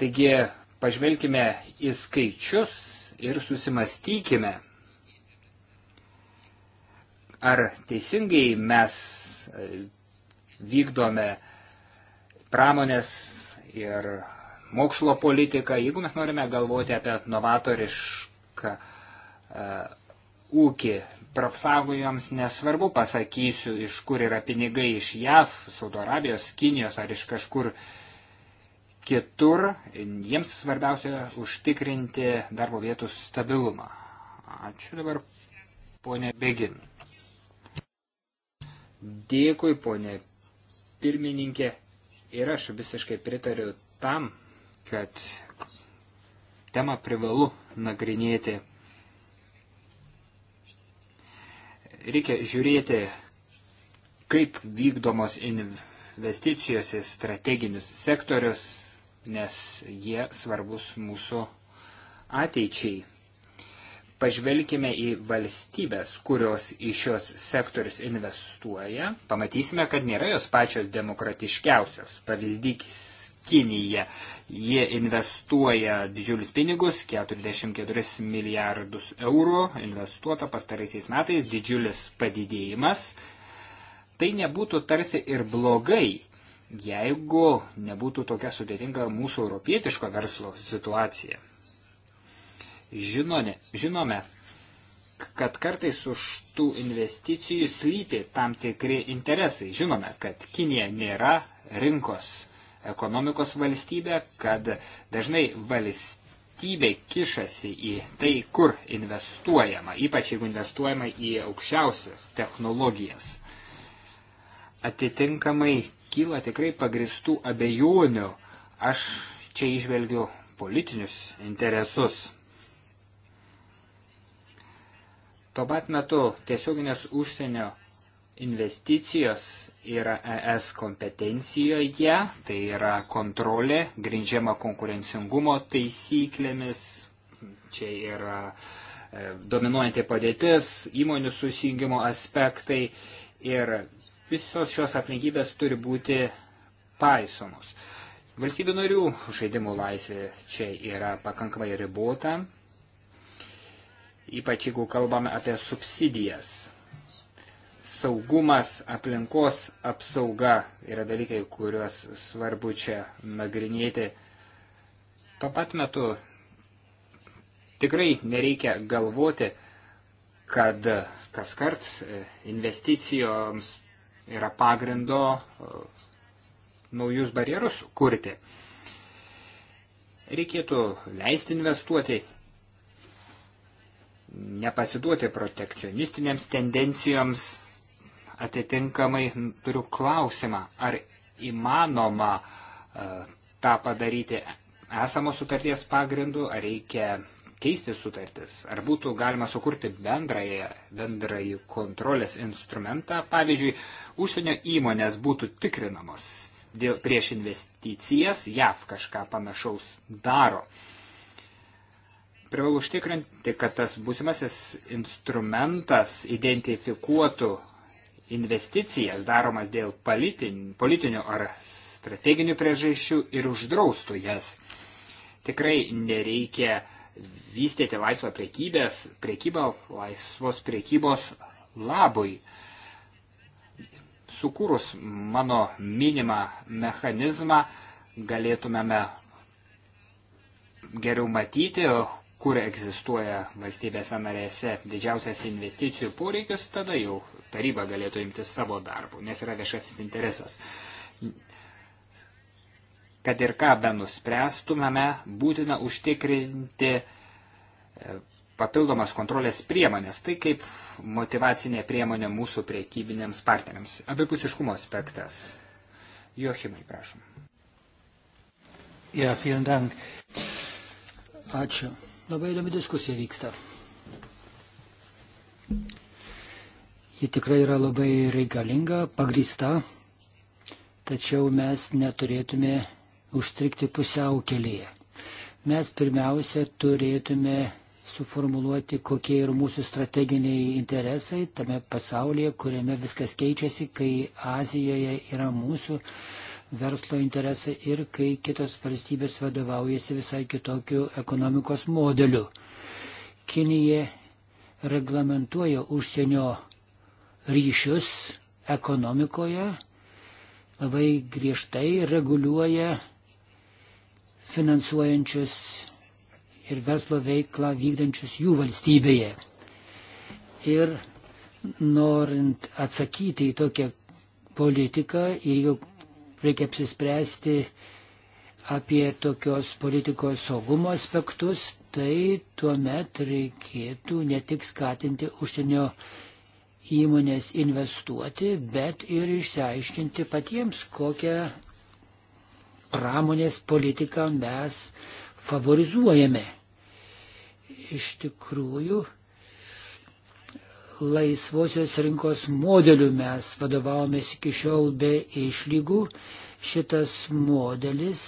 Taigi pažvelkime į skaičius ir susimastykime, ar teisingai mes e, vykdome pramonės ir mokslo politiką, jeigu mes norime galvoti apie novatorišką Uh, ūkį profsąjungoms nesvarbu pasakysiu, iš kur yra pinigai iš JAV, Saudo Arabijos, Kinijos ar iš kažkur kitur. Jiems svarbiausia užtikrinti darbo vietų stabilumą. Ačiū dabar, ponė Begin. Dėkui, ponė pirmininkė. Ir aš visiškai pritariu tam, kad temą privalu nagrinėti Reikia žiūrėti, kaip vykdomos investicijos į strateginius sektorius, nes jie svarbus mūsų ateičiai. Pažvelkime į valstybės, kurios į šios sektorius investuoja. Pamatysime, kad nėra jos pačios demokratiškiausios. Pavyzdys Kinija. Jie investuoja didžiulius pinigus, 44 milijardus eurų investuota pastaraisiais metais, didžiulis padidėjimas. Tai nebūtų tarsi ir blogai, jeigu nebūtų tokia sudėtinga mūsų europietiško verslo situacija. Žinone, žinome, kad kartais už tų investicijų slypi tam tikri interesai. Žinome, kad Kinija nėra rinkos ekonomikos valstybę, kad dažnai valstybė kišasi į tai, kur investuojama, ypač jeigu investuojama į aukščiausias technologijas. Atitinkamai kyla tikrai pagristų abejonių. Aš čia išvelgiu politinius interesus. Tuo pat metu tiesioginės užsienio investicijos yra ES kompetencijoje, tai yra kontrolė, grindžiama konkurencingumo taisyklėmis, čia yra e, dominuojanti padėtis, įmonių susijungimo aspektai ir visos šios aplinkybės turi būti paisomos. Valstybių narių žaidimų laisvė čia yra pakankamai ribota, ypač jeigu kalbame apie subsidijas saugumas, aplinkos apsauga yra dalykai, kuriuos svarbu čia nagrinėti. Tuo pat metu tikrai nereikia galvoti, kad kas kart e, investicijoms yra pagrindo e, naujus barjerus kurti. Reikėtų leisti investuoti, nepasiduoti protekcionistinėms tendencijoms, Atitinkamai turiu klausimą, ar įmanoma e, tą padaryti esamos sutarties pagrindu, ar reikia keisti sutartis, ar būtų galima sukurti bendrąją, bendrąjį kontrolės instrumentą. Pavyzdžiui, užsienio įmonės būtų tikrinamos dėl, prieš investicijas, JAV kažką panašaus daro. Privalu užtikrinti, kad tas būsimasis instrumentas identifikuotų investicijas daromas dėl politinių ar strateginių priežasčių ir uždraustų jas. Tikrai nereikia vystyti laisvą priekybės, priekybą laisvos priekybos labui. Sukūrus mano minimą mechanizmą galėtumėme geriau matyti, kur egzistuoja valstybėse narėse didžiausias investicijų poreikis, tada jau taryba galėtų imti savo darbų, nes yra viešasis interesas. Kad ir ką be nuspręstumėme, būtina užtikrinti e, papildomas kontrolės priemonės, tai kaip motivacinė priemonė mūsų priekybinėms partneriams. Abipusiškumo aspektas. Jochimai, prašom. Ja, vielen Dank. Ačiū. Labai įdomi diskusija vyksta. Ji tikrai yra labai reikalinga, pagrįsta, tačiau mes neturėtume užstrikti pusiau kelyje. Mes pirmiausia turėtume suformuluoti, kokie yra mūsų strateginiai interesai tame pasaulyje, kuriame viskas keičiasi, kai Azijoje yra mūsų verslo interesai ir kai kitos valstybės vadovaujasi visai kitokiu ekonomikos modeliu. Kinija reglamentuoja užsienio ryšius ekonomikoje, labai griežtai reguliuoja finansuojančius ir verslo veiklą vykdančius jų valstybėje. Ir norint atsakyti į tokią politiką ir jau reikia apsispręsti apie tokios politikos saugumo aspektus, tai tuomet reikėtų ne tik skatinti užsienio įmonės investuoti, bet ir išsiaiškinti patiems, kokią pramonės politiką mes favorizuojame. Iš tikrųjų, laisvosios rinkos modeliu mes vadovavomės iki šiol be išlygų. Šitas modelis,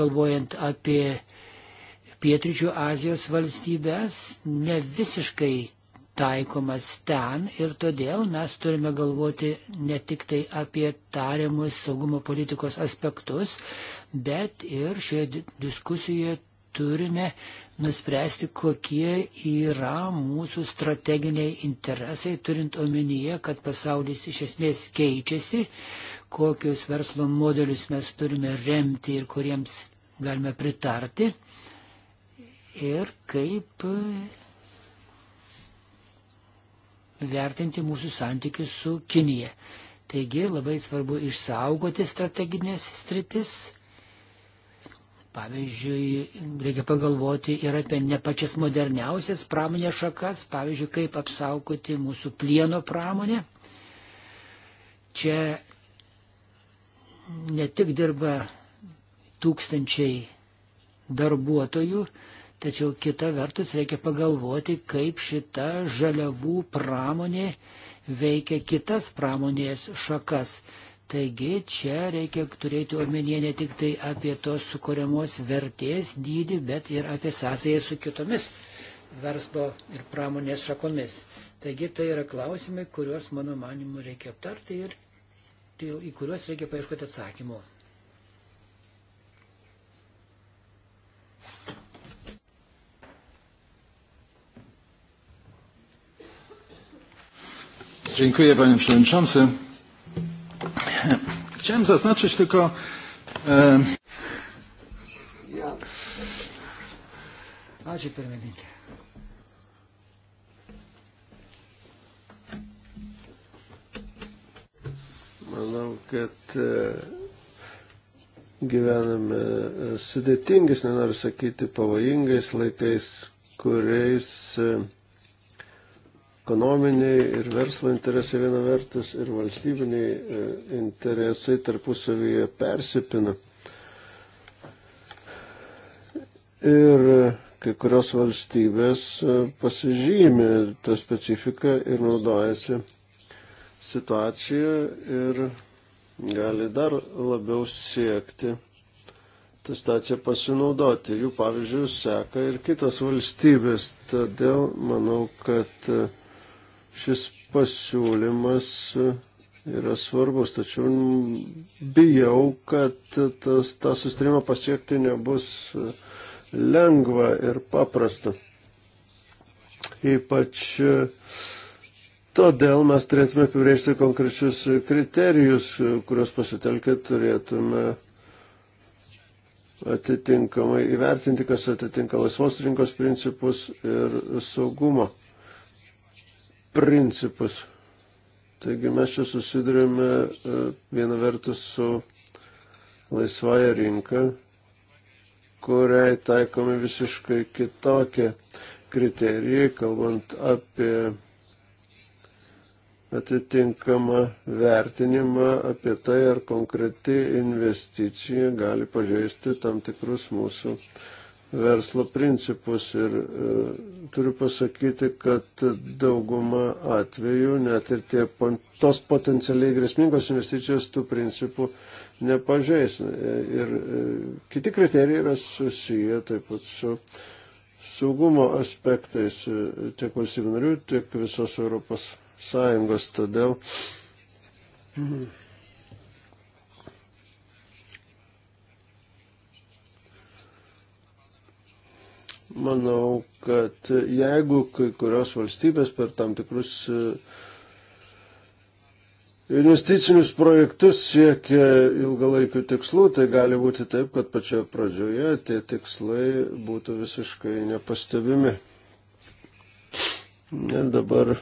galvojant apie Pietričių Azijos valstybės, ne visiškai taikomas ten ir todėl mes turime galvoti ne tik tai apie tariamus saugumo politikos aspektus, bet ir šioje diskusijoje turime nuspręsti, kokie yra mūsų strateginiai interesai, turint omenyje, kad pasaulis iš esmės keičiasi, kokius verslo modelius mes turime remti ir kuriems galime pritarti ir kaip vertinti mūsų santykius su Kinija. Taigi labai svarbu išsaugoti strateginės stritis. Pavyzdžiui, reikia pagalvoti ir apie ne pačias moderniausias pramonės šakas, pavyzdžiui, kaip apsaugoti mūsų plieno pramonę. Čia ne tik dirba tūkstančiai darbuotojų, Tačiau kita vertus reikia pagalvoti, kaip šita žaliavų pramonė veikia kitas pramonės šakas. Taigi čia reikia turėti omenyje ne tik tai apie tos sukūriamos vertės dydį, bet ir apie sąsąją su kitomis verslo ir pramonės šakomis. Taigi tai yra klausimai, kuriuos mano manimu reikia aptarti ir į kuriuos reikia paieškoti atsakymų. Dziękuję panie przewodniczący. Chciałem zaznaczyć tylko. E... Ačiū pirmininkė. Manau, kad e, gyvename sudėtingais, nenoriu sakyti, pavojingais laikais, kuriais e, ekonominiai ir verslo interesai viena vertus ir valstybiniai e, interesai tarpusavyje persipina. Ir kai kurios valstybės e, pasižymi tą specifiką ir naudojasi situaciją ir gali dar labiau siekti tą situaciją pasinaudoti. Jų pavyzdžių seka ir kitos valstybės. Todėl manau, kad e, Šis pasiūlymas yra svarbus, tačiau bijau, kad tas, tą sustarimą pasiekti nebus lengva ir paprasta. Ypač todėl mes turėtume apibrėžti konkrečius kriterijus, kuriuos pasitelkę turėtume atitinkamai įvertinti, kas atitinka laisvos rinkos principus ir saugumo principus. Taigi mes čia susidurėme e, vieną vertus su laisvąją rinką, kuriai taikomi visiškai kitokie kriterijai, kalbant apie atitinkamą vertinimą apie tai, ar konkreti investicija gali pažeisti tam tikrus mūsų uh, verslo principus ir e, turiu pasakyti, kad dauguma atvejų, net ir tie, tos potencialiai grėsmingos investicijos tų principų nepažeis. E, ir e, kiti kriterijai yra susiję taip pat su saugumo aspektais e, tiek valstybių narių, tiek visos Europos Sąjungos. Todėl. Mm. manau, kad jeigu kai kurios valstybės per tam tikrus e, investicinius projektus siekia ilgalaikių tikslų, tai gali būti taip, kad pačioje pradžioje tie tikslai būtų visiškai nepastebimi. Ir dabar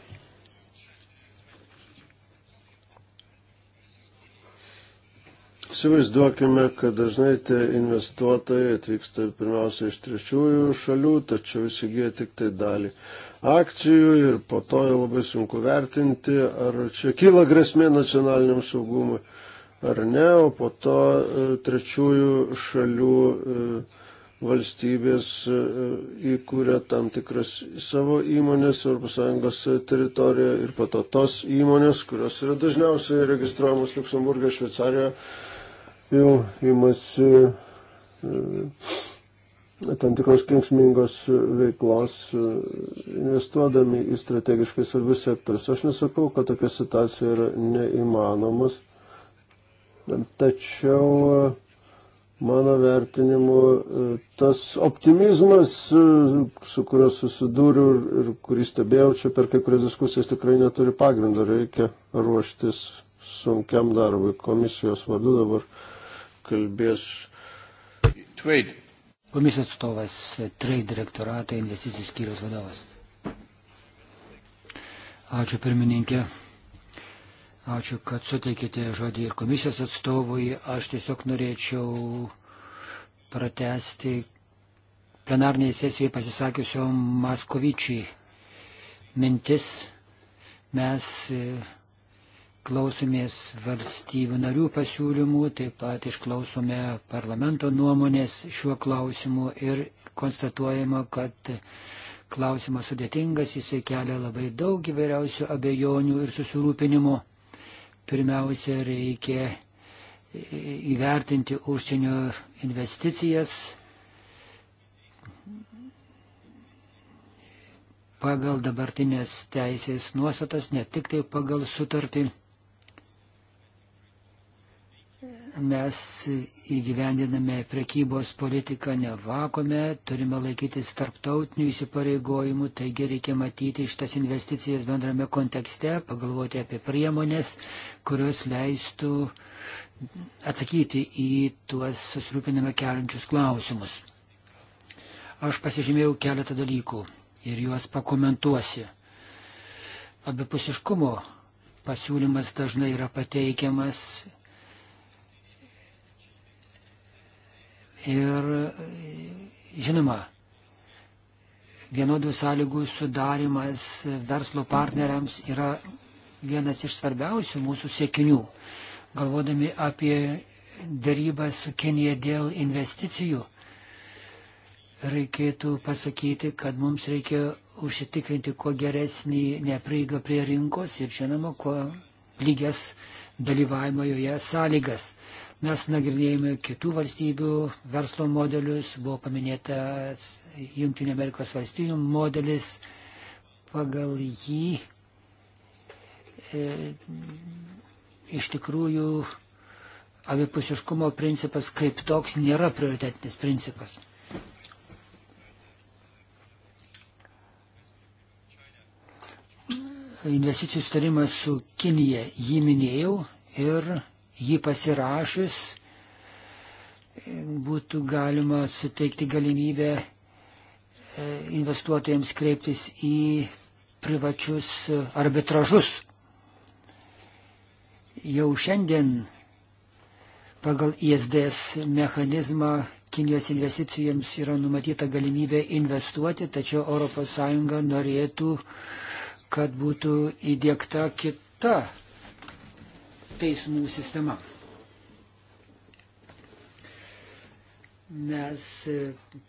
Įsivaizduokime, kad dažnai tie investuotojai atvyksta pirmiausia iš trečiųjų šalių, tačiau įsigyja tik tai dalį akcijų ir po to jau labai sunku vertinti, ar čia kyla grėsmė nacionaliniam saugumui ar ne, o po to e, trečiųjų šalių e, valstybės e, įkūrė tam tikras savo įmonės ES teritorijoje ir po to tos įmonės, kurios yra dažniausiai registruojamos Luksemburgė, Šveicarijoje, jau imasi e, tam tikros kenksmingos veiklos, e, investuodami į strategiškai svarbius sektorius. Aš nesakau, kad tokia situacija yra neįmanomas, tačiau e, mano vertinimu tas optimizmas, su kuriuo susidūriu ir kurį stebėjau čia per kai kurias diskusijas, tikrai neturi pagrindo. Reikia ruoštis sunkiam darbui komisijos vadu dabar kalbės. Trade. Komisijos atstovas, e, Trade direktorato investicijų skyrius vadovas. Ačiū pirmininkė. Ačiū, kad suteikėte žodį ir komisijos atstovui. Aš tiesiog norėčiau pratesti plenarniai sesijai pasisakiusio Maskovičiai mintis. Mes e, klausimės valstybių narių pasiūlymų, taip pat išklausome parlamento nuomonės šiuo klausimu ir konstatuojama, kad klausimas sudėtingas, jisai kelia labai daug įvairiausių abejonių ir susirūpinimų. Pirmiausia, reikia įvertinti užsienio investicijas pagal dabartinės teisės nuostatas, ne tik tai pagal sutartį. mes įgyvendiname prekybos politiką ne vakome, turime laikytis tarptautinių įsipareigojimų, taigi reikia matyti šitas investicijas bendrame kontekste, pagalvoti apie priemonės, kurios leistų atsakyti į tuos susirūpinimą keliančius klausimus. Aš pasižymėjau keletą dalykų ir juos pakomentuosiu. Abipusiškumo pasiūlymas dažnai yra pateikiamas Ir žinoma, vienodų sąlygų sudarimas verslo partneriams yra vienas iš svarbiausių mūsų siekinių. Galvodami apie darybą su Kenija dėl investicijų, reikėtų pasakyti, kad mums reikia užsitikrinti kuo geresnį neprieigą prie rinkos ir, žinoma, kuo lygias dalyvavimo joje sąlygas. Mes nagrinėjame kitų valstybių verslo modelius, buvo paminėtas Junktinė Amerikos valstybių modelis, pagal jį e, iš tikrųjų abipusiškumo principas kaip toks nėra prioritetinis principas. investicijų starimas su Kinija jį minėjau ir jį pasirašius būtų galima suteikti galimybę e, investuotojams kreiptis į privačius arbitražus. Jau šiandien pagal ISDS mechanizmą Kinijos investicijoms yra numatyta galimybė investuoti, tačiau ES norėtų, kad būtų įdėkta kita teismų sistema. Mes e,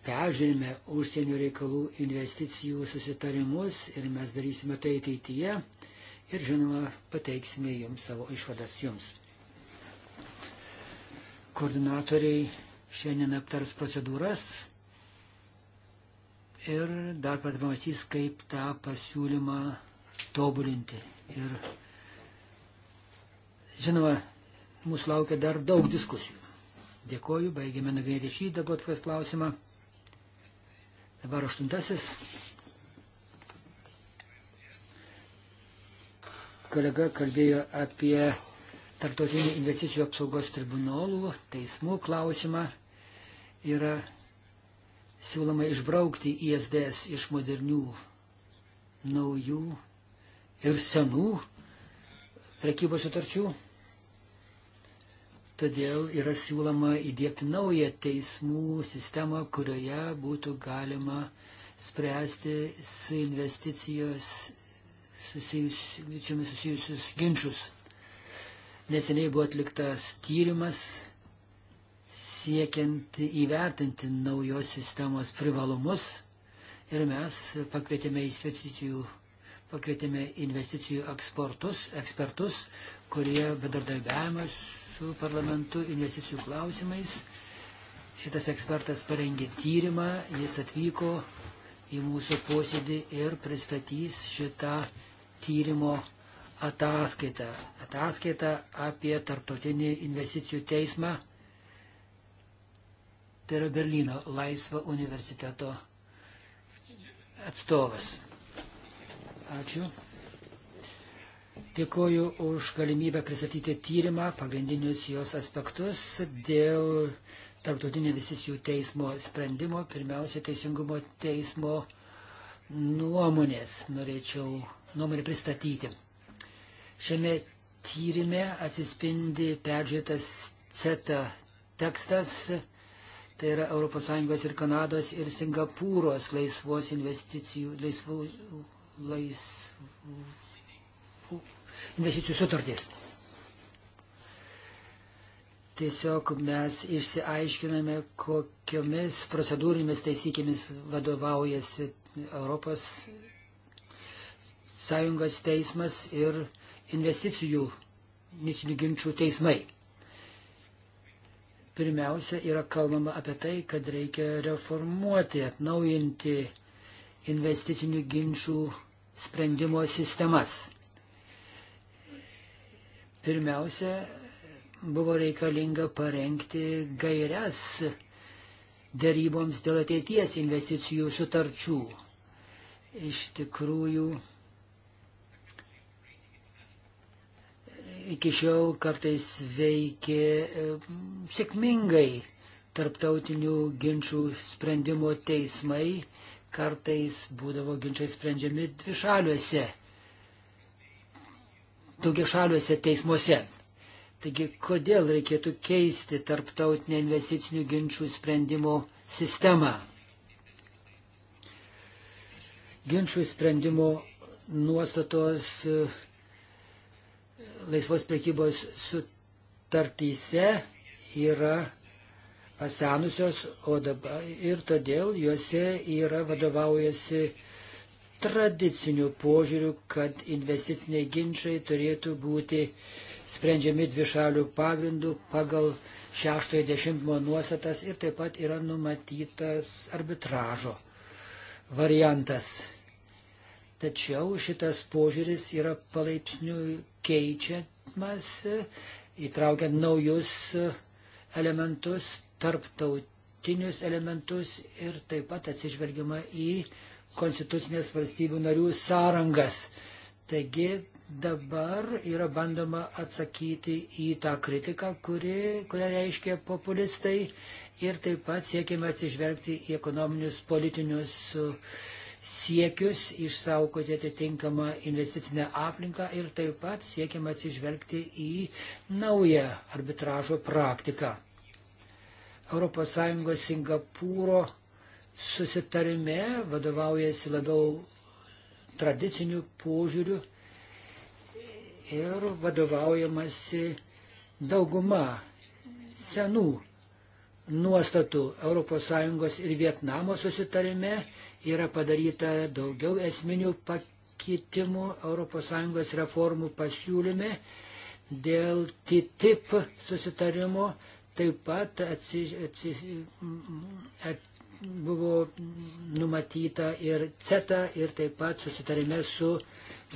peržiūrime užsienio reikalų investicijų susitarimus ir mes darysime tai ateityje ir žinoma pateiksime jums savo išvadas jums. Koordinatoriai šiandien aptars procedūras ir dar pat pamatys, kaip tą pasiūlymą tobulinti ir Žinoma, mūsų laukia dar daug diskusijų. Dėkoju, baigėme nagrinėti šį dabartvarkės klausimą. Dabar aštuntasis. Kolega kalbėjo apie tarptautinį investicijų apsaugos tribunolų teismų klausimą. Yra siūloma išbraukti ISDS iš modernių, naujų ir senų prekybos sutarčių. Todėl yra siūloma įdėkti naują teismų sistemą, kurioje būtų galima spręsti su investicijos susijusius, susijusius ginčius. Neseniai buvo atliktas tyrimas siekiant įvertinti naujos sistemos privalumus ir mes pakvietėme investicijų, pakvietėme investicijų eksportus, ekspertus, kurie bedardarbiavimas su parlamentu investicijų klausimais. Šitas ekspertas parengė tyrimą, jis atvyko į mūsų posėdį ir pristatys šitą tyrimo ataskaitą. Ataskaitą apie tarptautinį investicijų teismą. Tai yra Berlyno laisvo universiteto atstovas. Ačiū. Dėkoju už galimybę pristatyti tyrimą, pagrindinius jos aspektus dėl tarptautinio visisijų teismo sprendimo, pirmiausia, teisingumo teismo nuomonės norėčiau nuomonę pristatyti. Šiame tyrimė atsispindi peržiūrėtas CETA tekstas, tai yra ES ir Kanados ir Singapūros laisvos investicijų, laisvų, laisvų investicijų sutartys. Tiesiog mes išsiaiškiname, kokiomis procedūrinėmis taisykėmis vadovaujasi Europos Sąjungos teismas ir investicijų nesinių ginčių teismai. Pirmiausia, yra kalbama apie tai, kad reikia reformuoti, atnaujinti investicinių ginčių sprendimo sistemas. Pirmiausia, buvo reikalinga parengti gairias dėryboms dėl ateities investicijų sutarčių. Iš tikrųjų, iki šiol kartais veikė e, sėkmingai tarptautinių ginčių sprendimo teismai, kartais būdavo ginčiai sprendžiami dvišaliuose daugiašaliuose teismuose. Taigi, kodėl reikėtų keisti tarptautinę investicinių ginčių sprendimo sistemą? Ginčių sprendimo nuostatos e, laisvos prekybos sutartyse yra pasenusios, o dabar ir todėl juose yra vadovaujasi tradiciniu požiūriu, kad investiciniai ginčiai turėtų būti sprendžiami dvišalių pagrindų pagal 60-mo nuostatas ir taip pat yra numatytas arbitražo variantas. Tačiau šitas požiūris yra palaipsniui keičiamas, įtraukiant naujus elementus, tarptautinius elementus ir taip pat atsižvelgiama į konstitucinės valstybių narių sąrangas. Taigi dabar yra bandoma atsakyti į tą kritiką, kuri, kurią reiškia populistai ir taip pat siekime atsižvelgti į ekonominius politinius siekius, išsaugoti atitinkamą investicinę aplinką ir taip pat siekime atsižvelgti į naują arbitražo praktiką. ES Singapūro susitarime vadovaujasi labiau tradiciniu požiūriu ir vadovaujamasi dauguma senų nuostatų ES ir Vietnamo susitarime yra padaryta daugiau esminių pakitimų ES reformų pasiūlyme dėl TTIP susitarimo, taip pat atsiž... Atsiž... At buvo numatyta ir CETA, ir taip pat susitarime su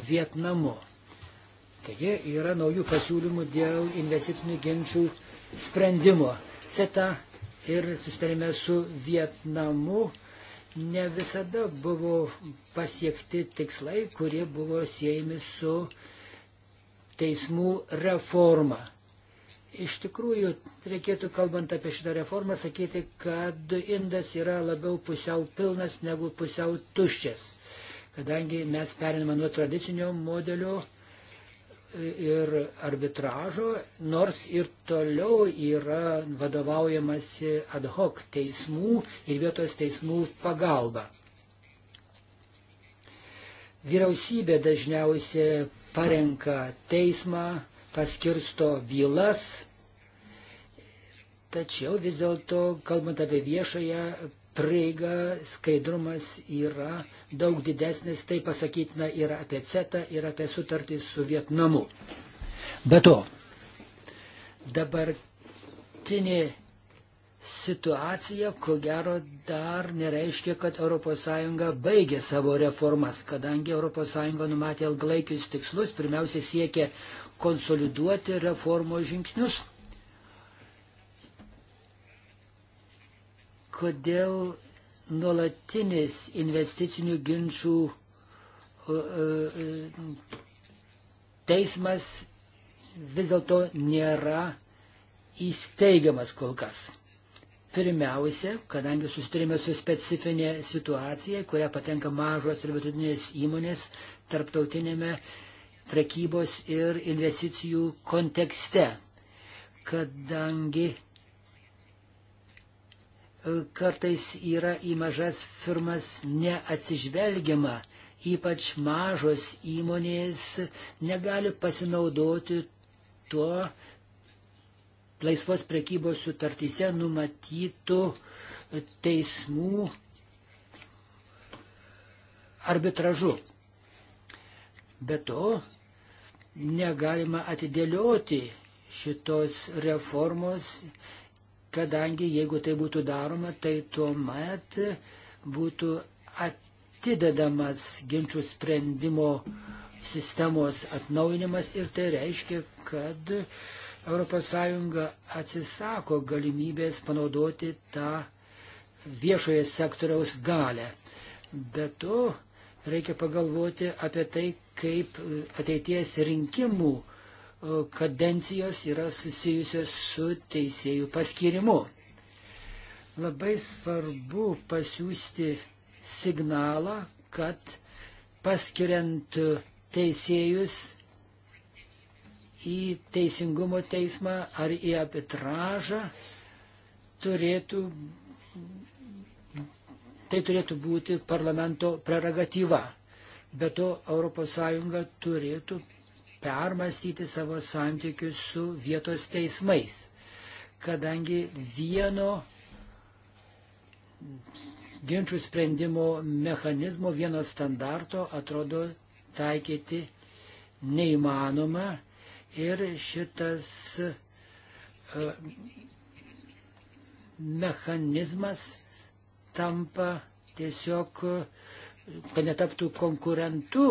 Vietnamu. Taigi yra naujų pasiūlymų dėl investicinių ginčių sprendimo. CETA ir susitarime su Vietnamu ne visada buvo pasiekti tikslai, kurie buvo siejami su teismų reforma. Iš tikrųjų, reikėtų kalbant apie šitą reformą sakyti, kad indas yra labiau pusiau pilnas negu pusiau tuščias, kadangi mes periname nuo tradicinio modelio e, ir arbitražo, nors ir toliau yra vadovaujamasi ad hoc teismų ir vietos teismų pagalba. Vyriausybė dažniausiai parenka teismą, paskirsto bylas, tačiau vis dėlto, kalbant apie viešąją prieigą, skaidrumas yra daug didesnis, tai pasakytina ir apie CETA, ir apie sutartį su Vietnamu. Be to, dabartinė situacija, ko gero, dar nereiškia, kad ES baigė savo reformas, kadangi ES numatė ilgalaikius tikslus, pirmiausia siekia konsoliduoti reformos žingsnius. Kodėl nuolatinis investicinių ginčių e, e, teismas vis dėlto nėra įsteigiamas kol kas. Pirmiausia, kadangi susitarėme su specifinė situacija, kurią patenka mažos ir vidutinės įmonės tarptautinėme prekybos ir investicijų kontekste, kadangi e, kartais yra į mažas firmas neatsižvelgiama, ypač mažos įmonės negali pasinaudoti tuo laisvos prekybos sutartyse numatytų teismų arbitražu. Be to, negalima atidėlioti šitos reformos, kadangi jeigu tai būtų daroma, tai tuomet būtų atidedamas ginčių sprendimo sistemos atnaujinimas ir tai reiškia, kad ES atsisako galimybės panaudoti tą viešoje sektoriaus galę. Bet to reikia pagalvoti apie tai, kaip e, ateities rinkimų e, kadencijos yra susijusios su teisėjų paskirimu. Labai svarbu pasiūsti signalą, kad paskiriant teisėjus į teisingumo teismą ar į arbitražą turėtų, tai turėtų būti parlamento prerogatyva. Bet to ES turėtų permastyti savo santykius su vietos teismais, kadangi vieno ginčių sprendimo mechanizmo, vieno standarto atrodo taikyti neįmanoma ir šitas e, mechanizmas tampa tiesiog uh, kad netaptų konkurentu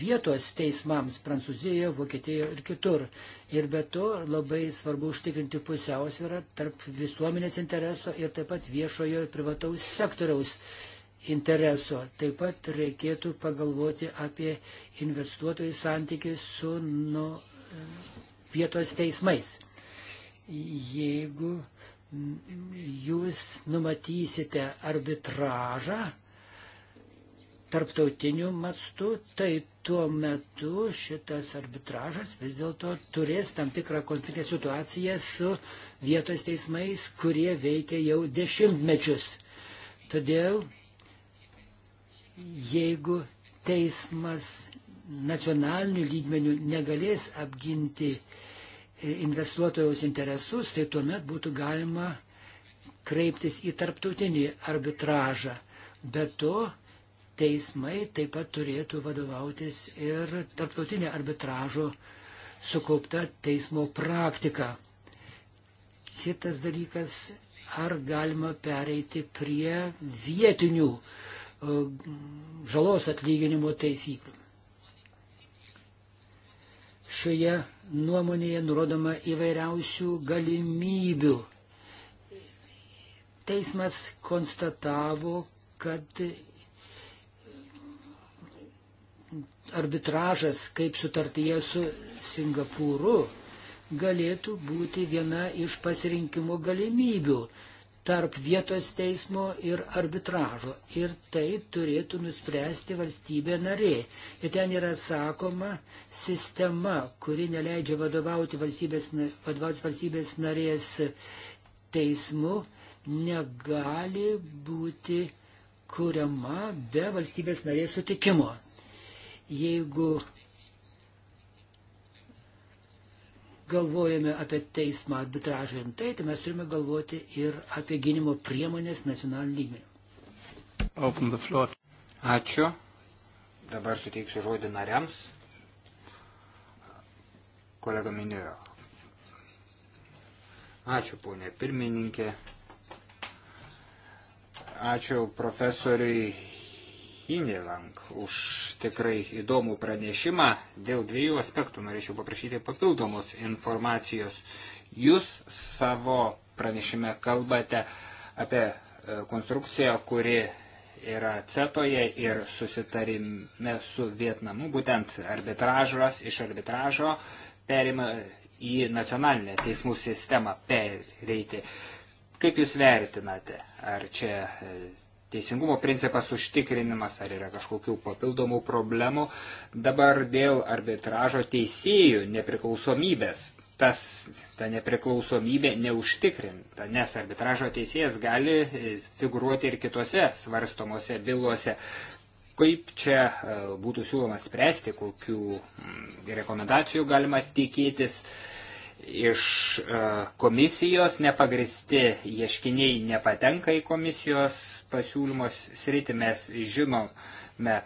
vietos teismams Prancūzijoje, Vokietijoje ir kitur. Ir be to labai svarbu užtikrinti pusiausvyrą tarp visuomenės intereso ir taip pat viešojo ir privataus sektoriaus intereso. Taip pat reikėtų pagalvoti apie investuotojų santykius su nu, vietos teismais. Jeigu jūs numatysite arbitražą, tarptautiniu mastu, tai tuo metu šitas arbitražas vis dėlto turės tam tikrą konfliktinę situaciją su vietos teismais, kurie veikia jau dešimtmečius. Todėl, jeigu teismas nacionaliniu lygmeniu negalės apginti e, investuotojos interesus, tai tuomet būtų galima kreiptis į tarptautinį arbitražą. Be to, teismai taip pat turėtų vadovautis ir tarptautinė arbitražo sukaupta teismo praktika. Kitas dalykas, ar galima pereiti prie vietinių e, žalos atlyginimo taisyklių. Šioje nuomonėje nurodoma įvairiausių galimybių. Teismas konstatavo, kad arbitražas kaip sutartyje su Singapūru galėtų būti viena iš pasirinkimo galimybių tarp vietos teismo ir arbitražo. Ir tai turėtų nuspręsti valstybė narė. Ir ten yra sakoma sistema, kuri neleidžia vadovauti valstybės, vadovauti valstybės narės teismu, negali būti kuriama be valstybės narės sutikimo. Jeigu galvojame apie teismą arbitražą rimtai, tai mes turime galvoti ir apie gynimo priemonės nacionalinį lygmenį. Ačiū. Dabar suteiksiu žodį nariams. Kolega minėjo. Ačiū, ponė pirmininkė. Ačiū profesoriui Hinelang už tikrai įdomų pranešimą. Dėl dviejų aspektų norėčiau paprašyti papildomos informacijos. Jūs savo pranešime kalbate apie e, konstrukciją, kuri yra CETOje ir susitarime su Vietnamu, būtent arbitražas iš arbitražo perima į nacionalinę teismų sistemą pereiti. Kaip Jūs vertinate, ar čia e, teisingumo principas užtikrinimas, ar yra kažkokių papildomų problemų. Dabar dėl arbitražo teisėjų nepriklausomybės. Tas, ta nepriklausomybė neužtikrinta, nes arbitražo teisėjas gali e, figuruoti ir kitose svarstomose bylose. Kaip čia e, būtų siūloma spręsti, kokių mm, rekomendacijų galima tikėtis iš e, komisijos, nepagristi ieškiniai nepatenka į komisijos pasiūlymos sritį mes žinome,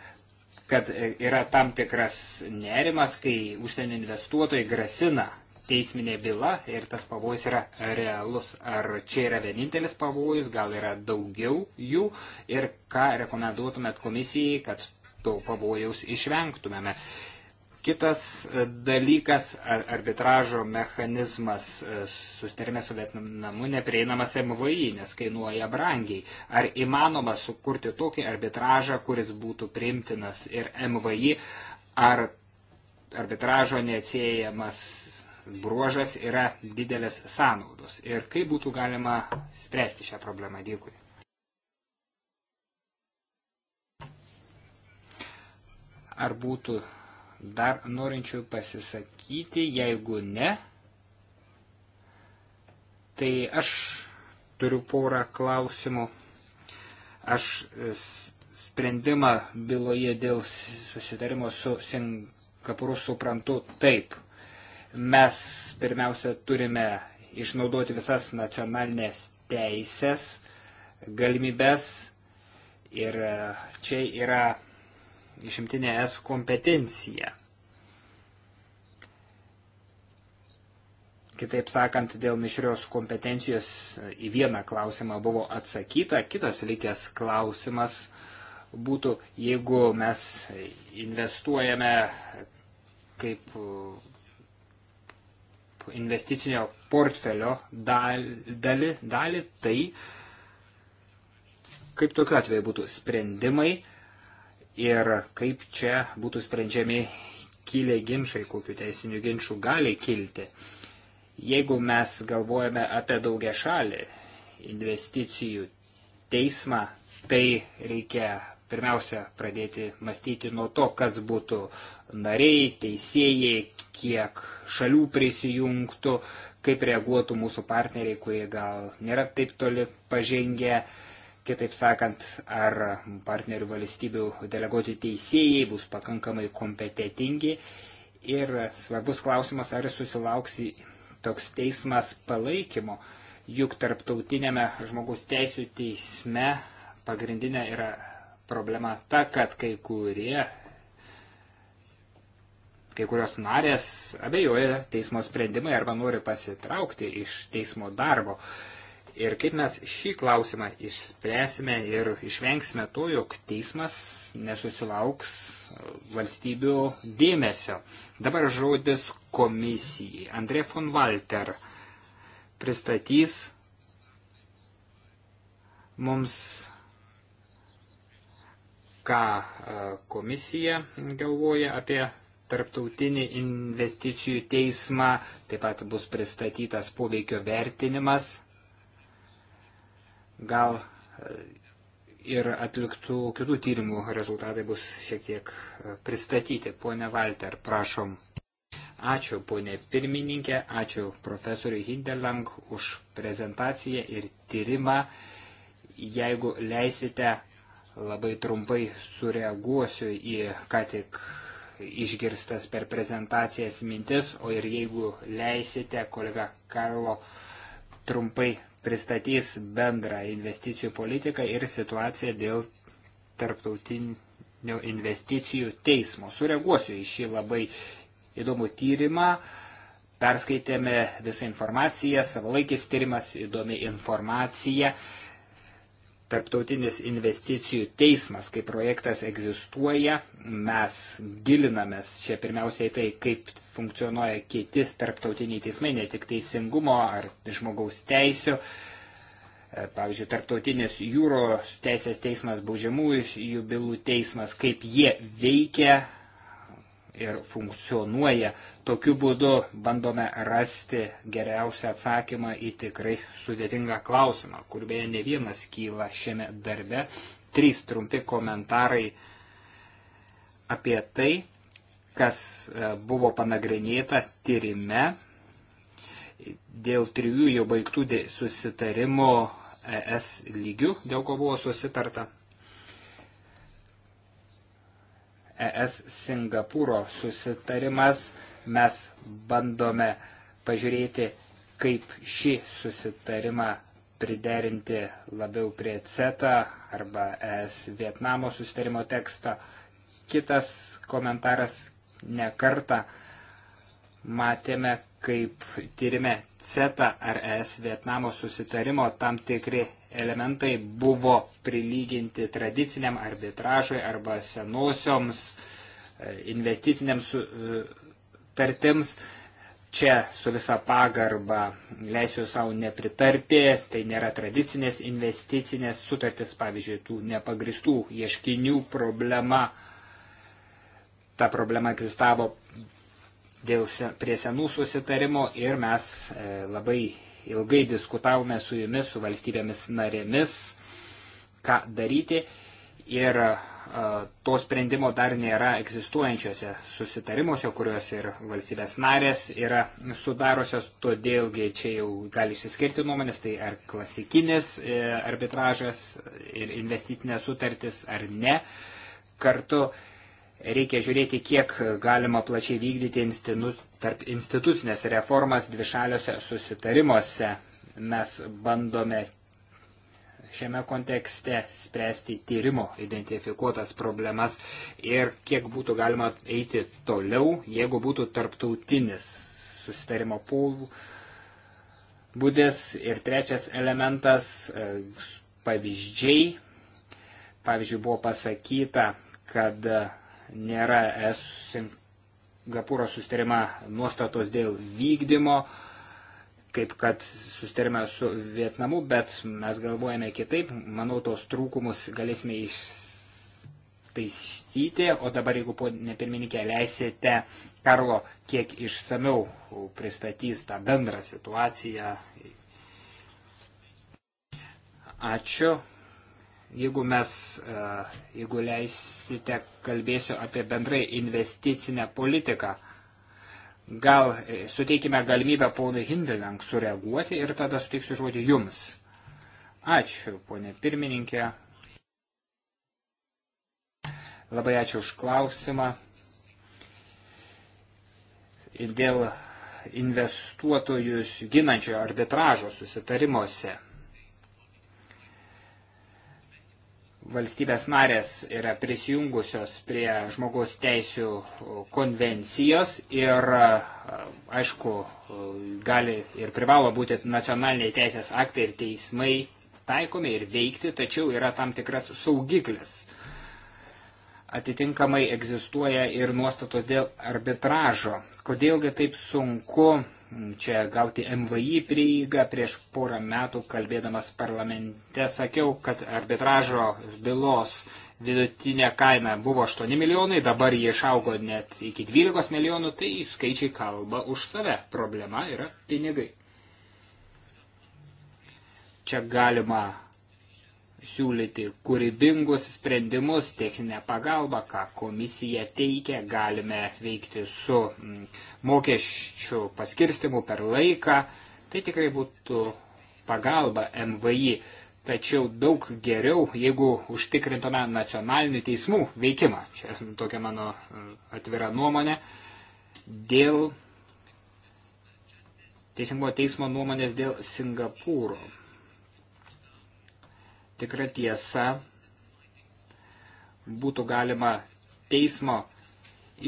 kad yra tam tikras nerimas, kai užsienio investuotojai grasina teisminė byla ir tas pavojus yra realus. Ar čia yra vienintelis pavojus, gal yra daugiau jų ir ką rekomenduotumėt komisijai, kad to pavojaus išvengtumėme. Kitas e, dalykas - arbitražo mechanizmas e, susitarime su Vietnamu neprieinamas MVI, nes kainuoja brangiai. Ar įmanoma sukurti tokį arbitražą, kuris būtų priimtinas ir MVI, ar arbitražo neatsiejamas bruožas yra didelės sąnaudos ir kaip būtų galima spręsti šią problemą. Dėkui. Ar būtų dar norinčių pasisakyti, jeigu ne, tai aš turiu porą klausimų. Aš e, sprendimą byloje dėl susitarimo su Singapūru suprantu taip. Mes pirmiausia turime išnaudoti visas nacionalinės teisės, galimybės ir e, čia yra išimtinė es kompetencija. Kitaip sakant, dėl mišrios kompetencijos į vieną klausimą buvo atsakyta, kitas likęs klausimas būtų, jeigu mes investuojame kaip uh, investicinio portfelio dalį, dalį tai kaip tokiu atveju būtų sprendimai ir kaip čia būtų sprendžiami kilę ginčiai, kokiu teisiniu ginčiu gali kilti. Jeigu mes galvojame apie daugia šalį investicijų teismą, tai reikia pirmiausia pradėti mąstyti nuo to, kas būtų nariai, teisėjai, kiek šalių prisijungtų, kaip reaguotų mūsų partneriai, kurie gal nėra taip toli pažengę. Uh, Kitaip sakant, ar partnerių valstybių deleguoti teisėjai bus pakankamai kompetitingi ir svarbus klausimas, ar susilauksi toks teismas palaikymo, juk tarptautinėme žmogus teisų teisme pagrindinė yra problema ta, kad kai kurie, kai kurios narės abejoja teismo sprendimai arba nori pasitraukti iš teismo darbo. Uh, Ir kaip mes šį klausimą išspręsime ir išvengsime to, jog teismas nesusilauks valstybių dėmesio. Dabar žodis komisijai. Andrė von Walter pristatys mums, ką e, komisija galvoja apie tarptautinį investicijų teismą, taip pat bus pristatytas poveikio vertinimas Gal e, ir atliktų kitų tyrimų rezultatai bus šiek tiek e, pristatyti. Pone Valter, prašom. Ačiū, ponė pirmininkė, ačiū profesoriui Hindelang už prezentaciją ir tyrimą. Jeigu leisite, labai trumpai sureaguosiu į ką tik išgirstas per prezentacijas mintis, o ir jeigu leisite, kolega Karlo trumpai pristatys bendrą investicijų politiką ir situaciją dėl tarptautinio investicijų teismo. Sureaguosiu į šį labai įdomų tyrimą. Perskaitėme visą informaciją, savalaikis tyrimas, įdomi informacija. informacija Tarptautinis investicijų teismas kaip projektas egzistuoja, mes gilinamės čia pirmiausiai tai, kaip funkcionuoja kiti tarptautiniai teismai, ne tik teisingumo ar žmogaus teisų. E, pavyzdžiui, tarptautinis jūros teisės teismas, baudžiamųjų bylų teismas, kaip jie veikia, ir funkcionuoja. Tokiu būdu bandome rasti geriausią atsakymą į tikrai sudėtingą klausimą, kur beje ne vienas kyla šiame darbe. Trys trumpi komentarai apie tai, kas e, buvo panagrinėta tyrime dėl trijų jau baigtų susitarimų ES lygių, dėl ko buvo susitarta ES Singapūro susitarimas. Mes bandome pažiūrėti, kaip šį susitarimą priderinti labiau prie CETA arba ES Vietnamo susitarimo teksto. Kitas komentaras nekarta matėme, kaip tyrime CETA ar ES Vietnamo susitarimo tam tikri elementai buvo prilyginti tradiciniam arbitražui arba senosioms e, investiciniams e, tartims. Čia su visa pagarba leisiu savo nepritarti, tai nėra tradicinės investicinės sutartis, pavyzdžiui, tų nepagristų ieškinių problema. Ta problema egzistavo dėl, prie senų susitarimo ir mes e, labai ilgai diskutavome su jumis, su valstybėmis narėmis, ką daryti ir to sprendimo dar nėra egzistuojančiose susitarimuose, kuriuos ir valstybės narės yra sudarusios, todėlgi čia jau gali išsiskirti nuomonės, tai ar klasikinis e, arbitražas ir investicinės sutartis ar ne. Kartu Reikia žiūrėti, kiek galima plačiai vykdyti instinu, tarp institucinės reformas dvišaliuose susitarimuose. Mes bandome šiame kontekste spręsti tyrimo identifikuotas problemas ir kiek būtų galima eiti toliau, jeigu būtų tarptautinis susitarimo būdis. Ir trečias elementas e, - pavyzdžiai. Pavyzdžiui, buvo pasakyta, kad nėra es Singapūro sustarima nuostatos dėl vykdymo, kaip kad sustarime su Vietnamu, bet mes galvojame kitaip. Manau, tos trūkumus galėsime ištaisyti, o dabar, jeigu ponė pirmininkė leisite, Karlo kiek išsameu pristatys tą bendrą situaciją. Ačiū. Jeigu mes, e, jeigu leisite, kalbėsiu apie bendrai investicinę politiką. Gal e, suteikime galimybę ponui Hindelenk sureaguoti ir tada suteiksiu žodį jums. Ačiū, ponė pirmininkė. Labai ačiū už klausimą. Dėl investuotojus ginančio arbitražo susitarimuose. valstybės narės yra prisijungusios prie žmogaus teisių konvencijos ir, aišku, gali ir privalo būti nacionaliniai teisės aktai ir teismai taikomi ir veikti, tačiau yra tam tikras saugiklis. Atitinkamai egzistuoja ir nuostatos dėl arbitražo. Kodėlgi taip sunku čia gauti MVI prieigą. Prieš porą metų kalbėdamas parlamente sakiau, kad arbitražo bylos vidutinė kaina buvo 8 milijonai, dabar jie išaugo net iki 12 milijonų, tai skaičiai kalba už save. Problema yra pinigai. Čia galima siūlyti kūrybingus sprendimus, techninę pagalbą, ką komisija teikia, galime veikti su mm, mokesčių paskirstimu per laiką. Tai tikrai būtų pagalba MVI, tačiau daug geriau, jeigu užtikrintume nacionalinių teismų veikimą. Čia tokia mano mm, atvira nuomonė. Dėl Teisingumo teismo nuomonės dėl Singapūro tikra tiesa būtų galima teismo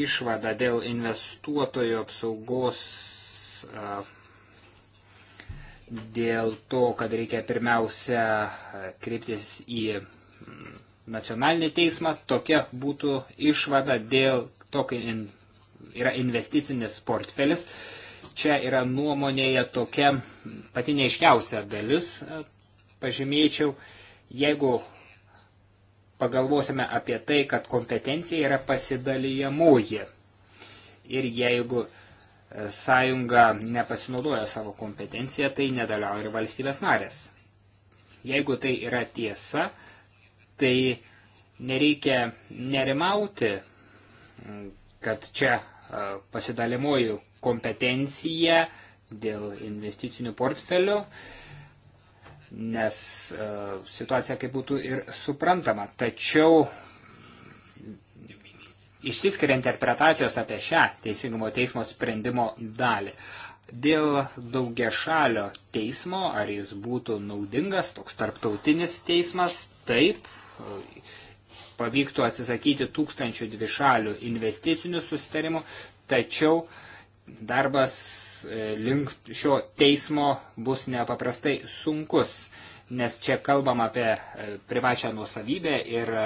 išvadą dėl investuotojų apsaugos, dėl to, kad reikia pirmiausia kreiptis į nacionalinį teismą, tokia būtų išvada dėl to, kai yra investicinis portfelis. Čia yra nuomonėje tokia pati neiškiausia dalis, pažymėčiau, Jeigu pagalvosime apie tai, kad kompetencija yra pasidalyjamoji ir jeigu e, sąjunga nepasinaudoja savo kompetenciją, tai nedalyvauja ir valstybės narės. Jeigu tai yra tiesa, tai nereikia nerimauti, kad čia e, pasidalimoju kompetencija dėl investicinių portfelių nes e, situacija kaip būtų ir suprantama. Tačiau išsiskiria interpretacijos apie šią Teisingumo teismo sprendimo dalį. Dėl daugiašalio teismo, ar jis būtų naudingas, toks tarptautinis teismas, taip, pavyktų atsisakyti tūkstančių dvišalių investicinių sustarimų, tačiau darbas E, link šio teismo bus nepaprastai sunkus, nes čia kalbam apie e, privačią nuosavybę ir e,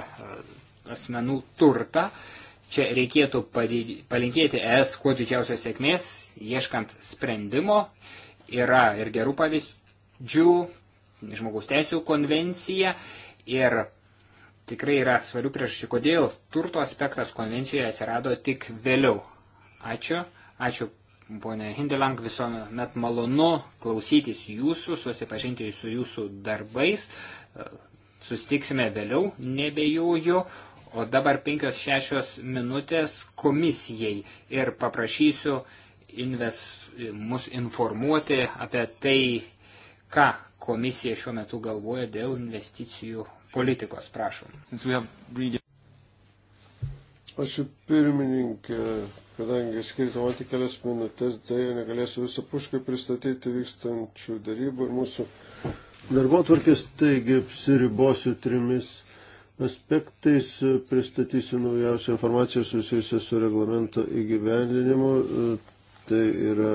asmenų turtą. Čia reikėtų palinkėti ES kuo didžiausios sėkmės, ieškant sprendimo. Yra ir gerų pavyzdžių, žmogaus teisų konvencija ir tikrai yra svarių priežasčių, kodėl turto aspektas konvencijoje atsirado tik vėliau. Ačiū. Ačiū Pone Hindelang, visuomet malonu klausytis jūsų, susipažinti su jūsų darbais. Sustiksime vėliau, nebejoju. O dabar penkios šešios minutės komisijai ir paprašysiu inves, mus informuoti apie tai, ką komisija šiuo metu galvoja dėl investicijų politikos. Prašom. Ačiū pirmininkė. Kadangi skirta man tik kelias minutės, dėja negalėsiu visapuškai pristatyti vykstančių darybų ir mūsų darbo tvarkės, taigi apsiribosiu trimis aspektais, pristatysiu naujausią informaciją susijusią su reglamento įgyvendinimu. Tai yra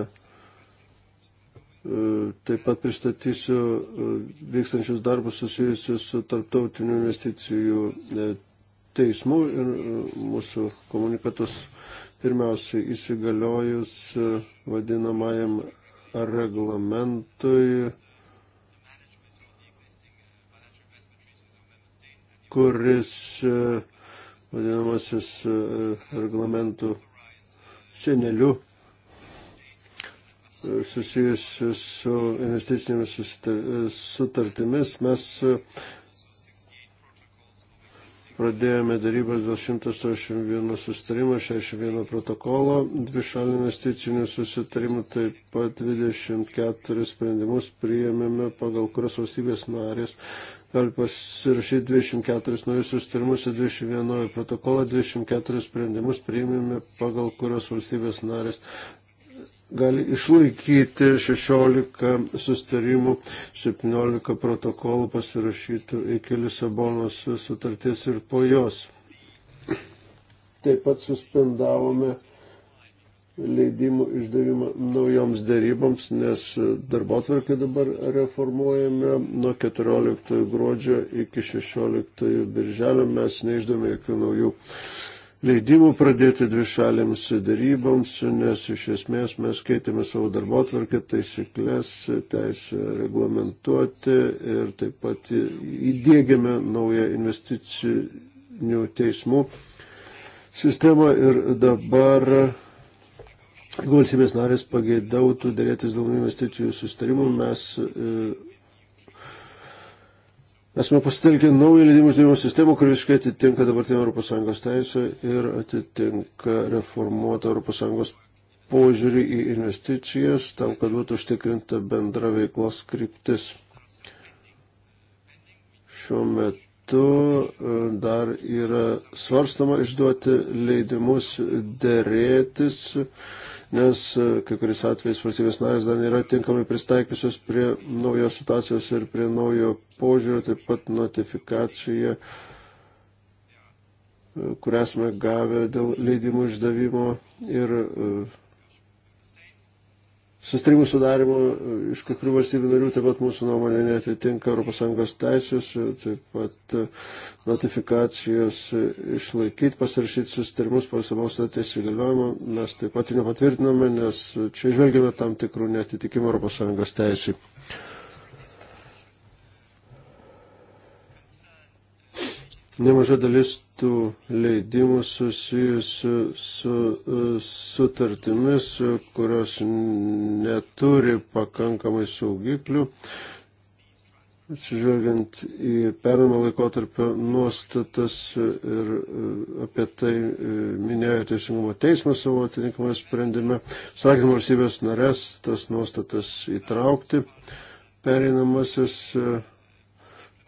Taip pat pristatysiu vykstančius darbus susijusius su tarptautiniu investicijų e, teismu ir e, mūsų komunikatus Pirmiausia, įsigaliojus e, vadinamajam reglamentui, kuris e, vadinamasis e, reglamentų seneliu susijusiu su investicinėmis sutartimis, mes pradėjome darybas dėl 181 sustarimo, 61 protokolo, dvi šalių investicinių susitarimų, taip pat 24 sprendimus priėmėme, pagal kurias valstybės narės gali pasirašyti 24 naujus sustarimus ir 21 protokolą, 24 sprendimus priėmėme, pagal kurios valstybės narės gali išlaikyti 16 sustarimų, 17 protokolų pasirašytų iki Lisabonos sutarties ir po jos. Taip pat suspendavome leidimų išdavimą naujoms daryboms, nes darbo atvarkį dabar reformuojame nuo 14 gruodžio iki 16 birželio mes neišdavome jokių naujų leidimų pradėti dvišalėms daryboms, nes iš esmės mes keitėme savo darbo tvarkę, taisyklės, teisę reglamentuoti ir taip pat įdėgėme naują investicinių teismų sistemą ir dabar Jeigu valstybės narės pageidautų dėrėtis dėl investicijų sustarimų, mes e, esame pasitelkę naują leidimų uždavimo sistemą, kuri visiškai atitinka dabartinę ES teisę ir atitinka reformuotą ES požiūrį į investicijas, tam, kad būtų užtikrinta bendra veiklos kryptis. Šiuo metu e, dar yra svarstama išduoti leidimus dėrėtis nes e, kai kuris atvejais valstybės narės dar nėra tinkamai pristaikiusios prie naujos situacijos ir prie naujo požiūrio, taip pat notifikacija, e, kurią esame gavę dėl leidimų išdavimo ir uh, sustarimų sudarimo e, iš kai kurių valstybių narių taip pat mūsų nuomonė netitinka ES teisės, e, taip pat e, notifikacijos išlaikyti, pasirašyti sustarimus po samos statės įgaliojimo, mes taip pat jų nepatvirtiname, nes čia išvelgiame tam tikrų netitikimų ES teisėjai. Nemaža dalis tų leidimų susijusių su, su e, sutartimis, kurios neturi pakankamai saugiklių, atsižvelgiant į pernamą laikotarpio nuostatas ir e, apie tai e, minėjo Teisingumo teismas savo atitinkamą sprendime, sakant valstybės narės tas nuostatas įtraukti pereinamasis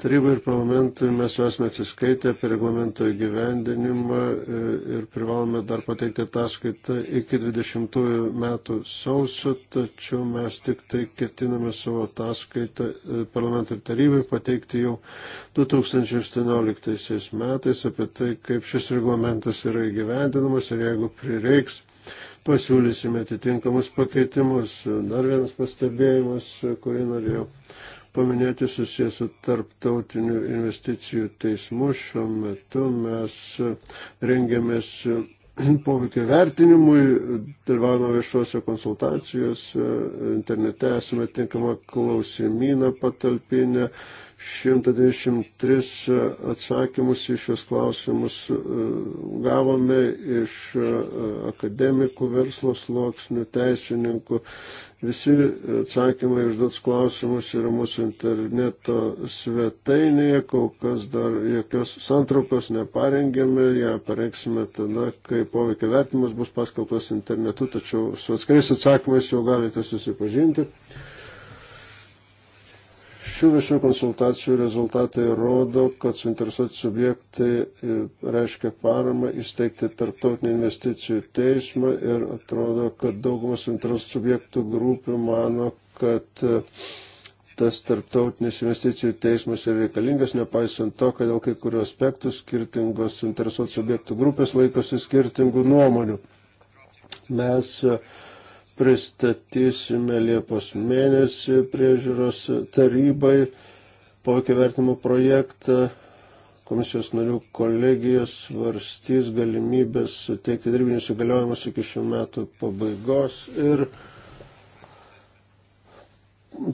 Tarybai ir parlamentui mes jau esame atsiskaitę apie reglamento įgyvendinimą e, ir privalome dar pateikti ataskaitą iki 20 metų sausio, tačiau mes tik tai ketiname savo ataskaitą e, parlamentui ir tarybai pateikti jau 2018 metais apie tai, kaip šis reglamentas yra įgyvendinamas ir jeigu prireiks. Pasiūlysime atitinkamus pakeitimus. Dar vienas pastebėjimas, kurį norėjau paminėti susijęs su tarptautiniu investicijų teismu. Šiuo metu mes rengiamės poveikio vertinimui, dalyvavome viešuose konsultacijose, internete esame tinkamą klausimyną patalpinę, 123 atsakymus į šios klausimus e, gavome iš e, akademikų, verslo sluoksnių, teisininkų. Visi atsakymai užduots klausimus yra mūsų interneto svetainėje, kol kas dar jokios santraukos neparengėme, ją parengsime tada, kai poveikio vertimas bus paskaltas internetu, tačiau su atskirais atsakymais jau galite susipažinti. Šių visų konsultacijų rezultatai rodo, kad suinteresuoti subjektai e, reiškia paramą įsteigti tarptautinį investicijų teismą ir atrodo, kad daugumas suinteresuotų subjektų grupių mano, kad e, tas tarptautinis investicijų teismas yra reikalingas, nepaisant to, kad dėl kai kurių aspektų skirtingos suinteresuotų subjektų grupės laikosi skirtingų nuomonių. Mes uh, pristatysime Liepos mėnesį priežiūros tarybai poveikio vertimo projektą. Komisijos narių kolegijos svarstys galimybės suteikti dirbinius įgaliojimus iki šių metų pabaigos ir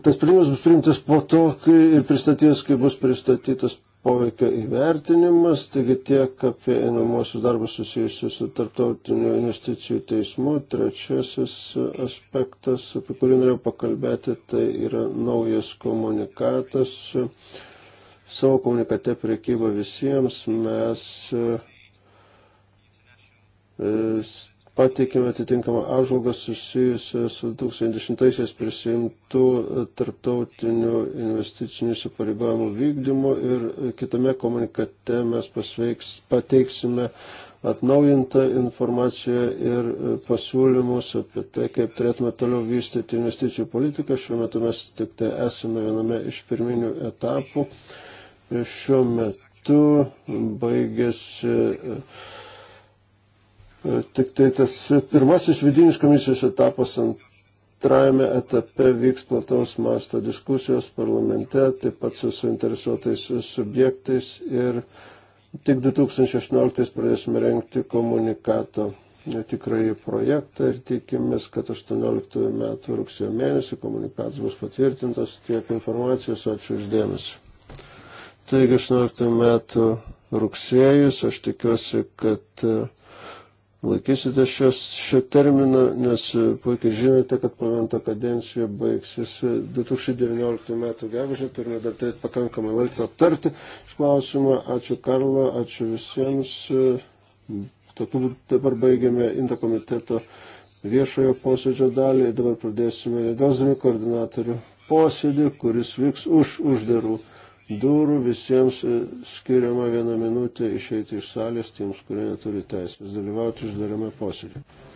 tas sprendimas bus priimtas po to, kai ir pristatys, kai bus pristatytas poveikio įvertinimas, taigi tiek apie einamosius darbus susijusius su tarptautiniu investicijų teismu. Trečiasis aspektas, apie kurį norėjau pakalbėti, tai yra naujas komunikatas. Savo komunikate priekyba visiems mes e, pateikėme atitinkamą apžvalgą susijusią su 2010-aisiais prisimtų tarptautinių investicinių įsipareigojimų vykdymu ir kitame komunikate mes pasveiks, pateiksime atnaujintą informaciją ir pasiūlymus apie tai, kaip turėtume toliau vystyti investicijų politiką. Šiuo metu mes tik tai esame viename iš pirminių etapų. Šiuo metu baigėsi E, tik tai tas pirmasis vidinis komisijos etapas antrajame etape vyks plataus masto diskusijos parlamente, taip pat su suinteresuotais subjektais ir tik 2018 pradėsime renkti komunikato e, tikrai projektą ir tikimės, kad 18 metų rugsėjo mėnesį komunikatas bus patvirtintas tiek informacijos, ačiū uždėmesi. Taigi 18 metų rugsėjus, aš tikiuosi, kad e, laikysite šios, šio termino, nes e, puikiai žinote, kad parlamento kadencija baigsis 2019 m. gegužė, turime dar turėti pakankamai laiko aptarti šį klausimą. Ačiū Karlo, ačiū visiems. E, tokiu dabar baigiame interkomiteto viešojo posėdžio dalį ir dabar pradėsime nedelsdami koordinatorių posėdį, kuris vyks už uždarų durų, visiems e, skiriama vieną minutę išeiti iš salės tiems, kurie neturi teisės dalyvauti uždarame posėdėje.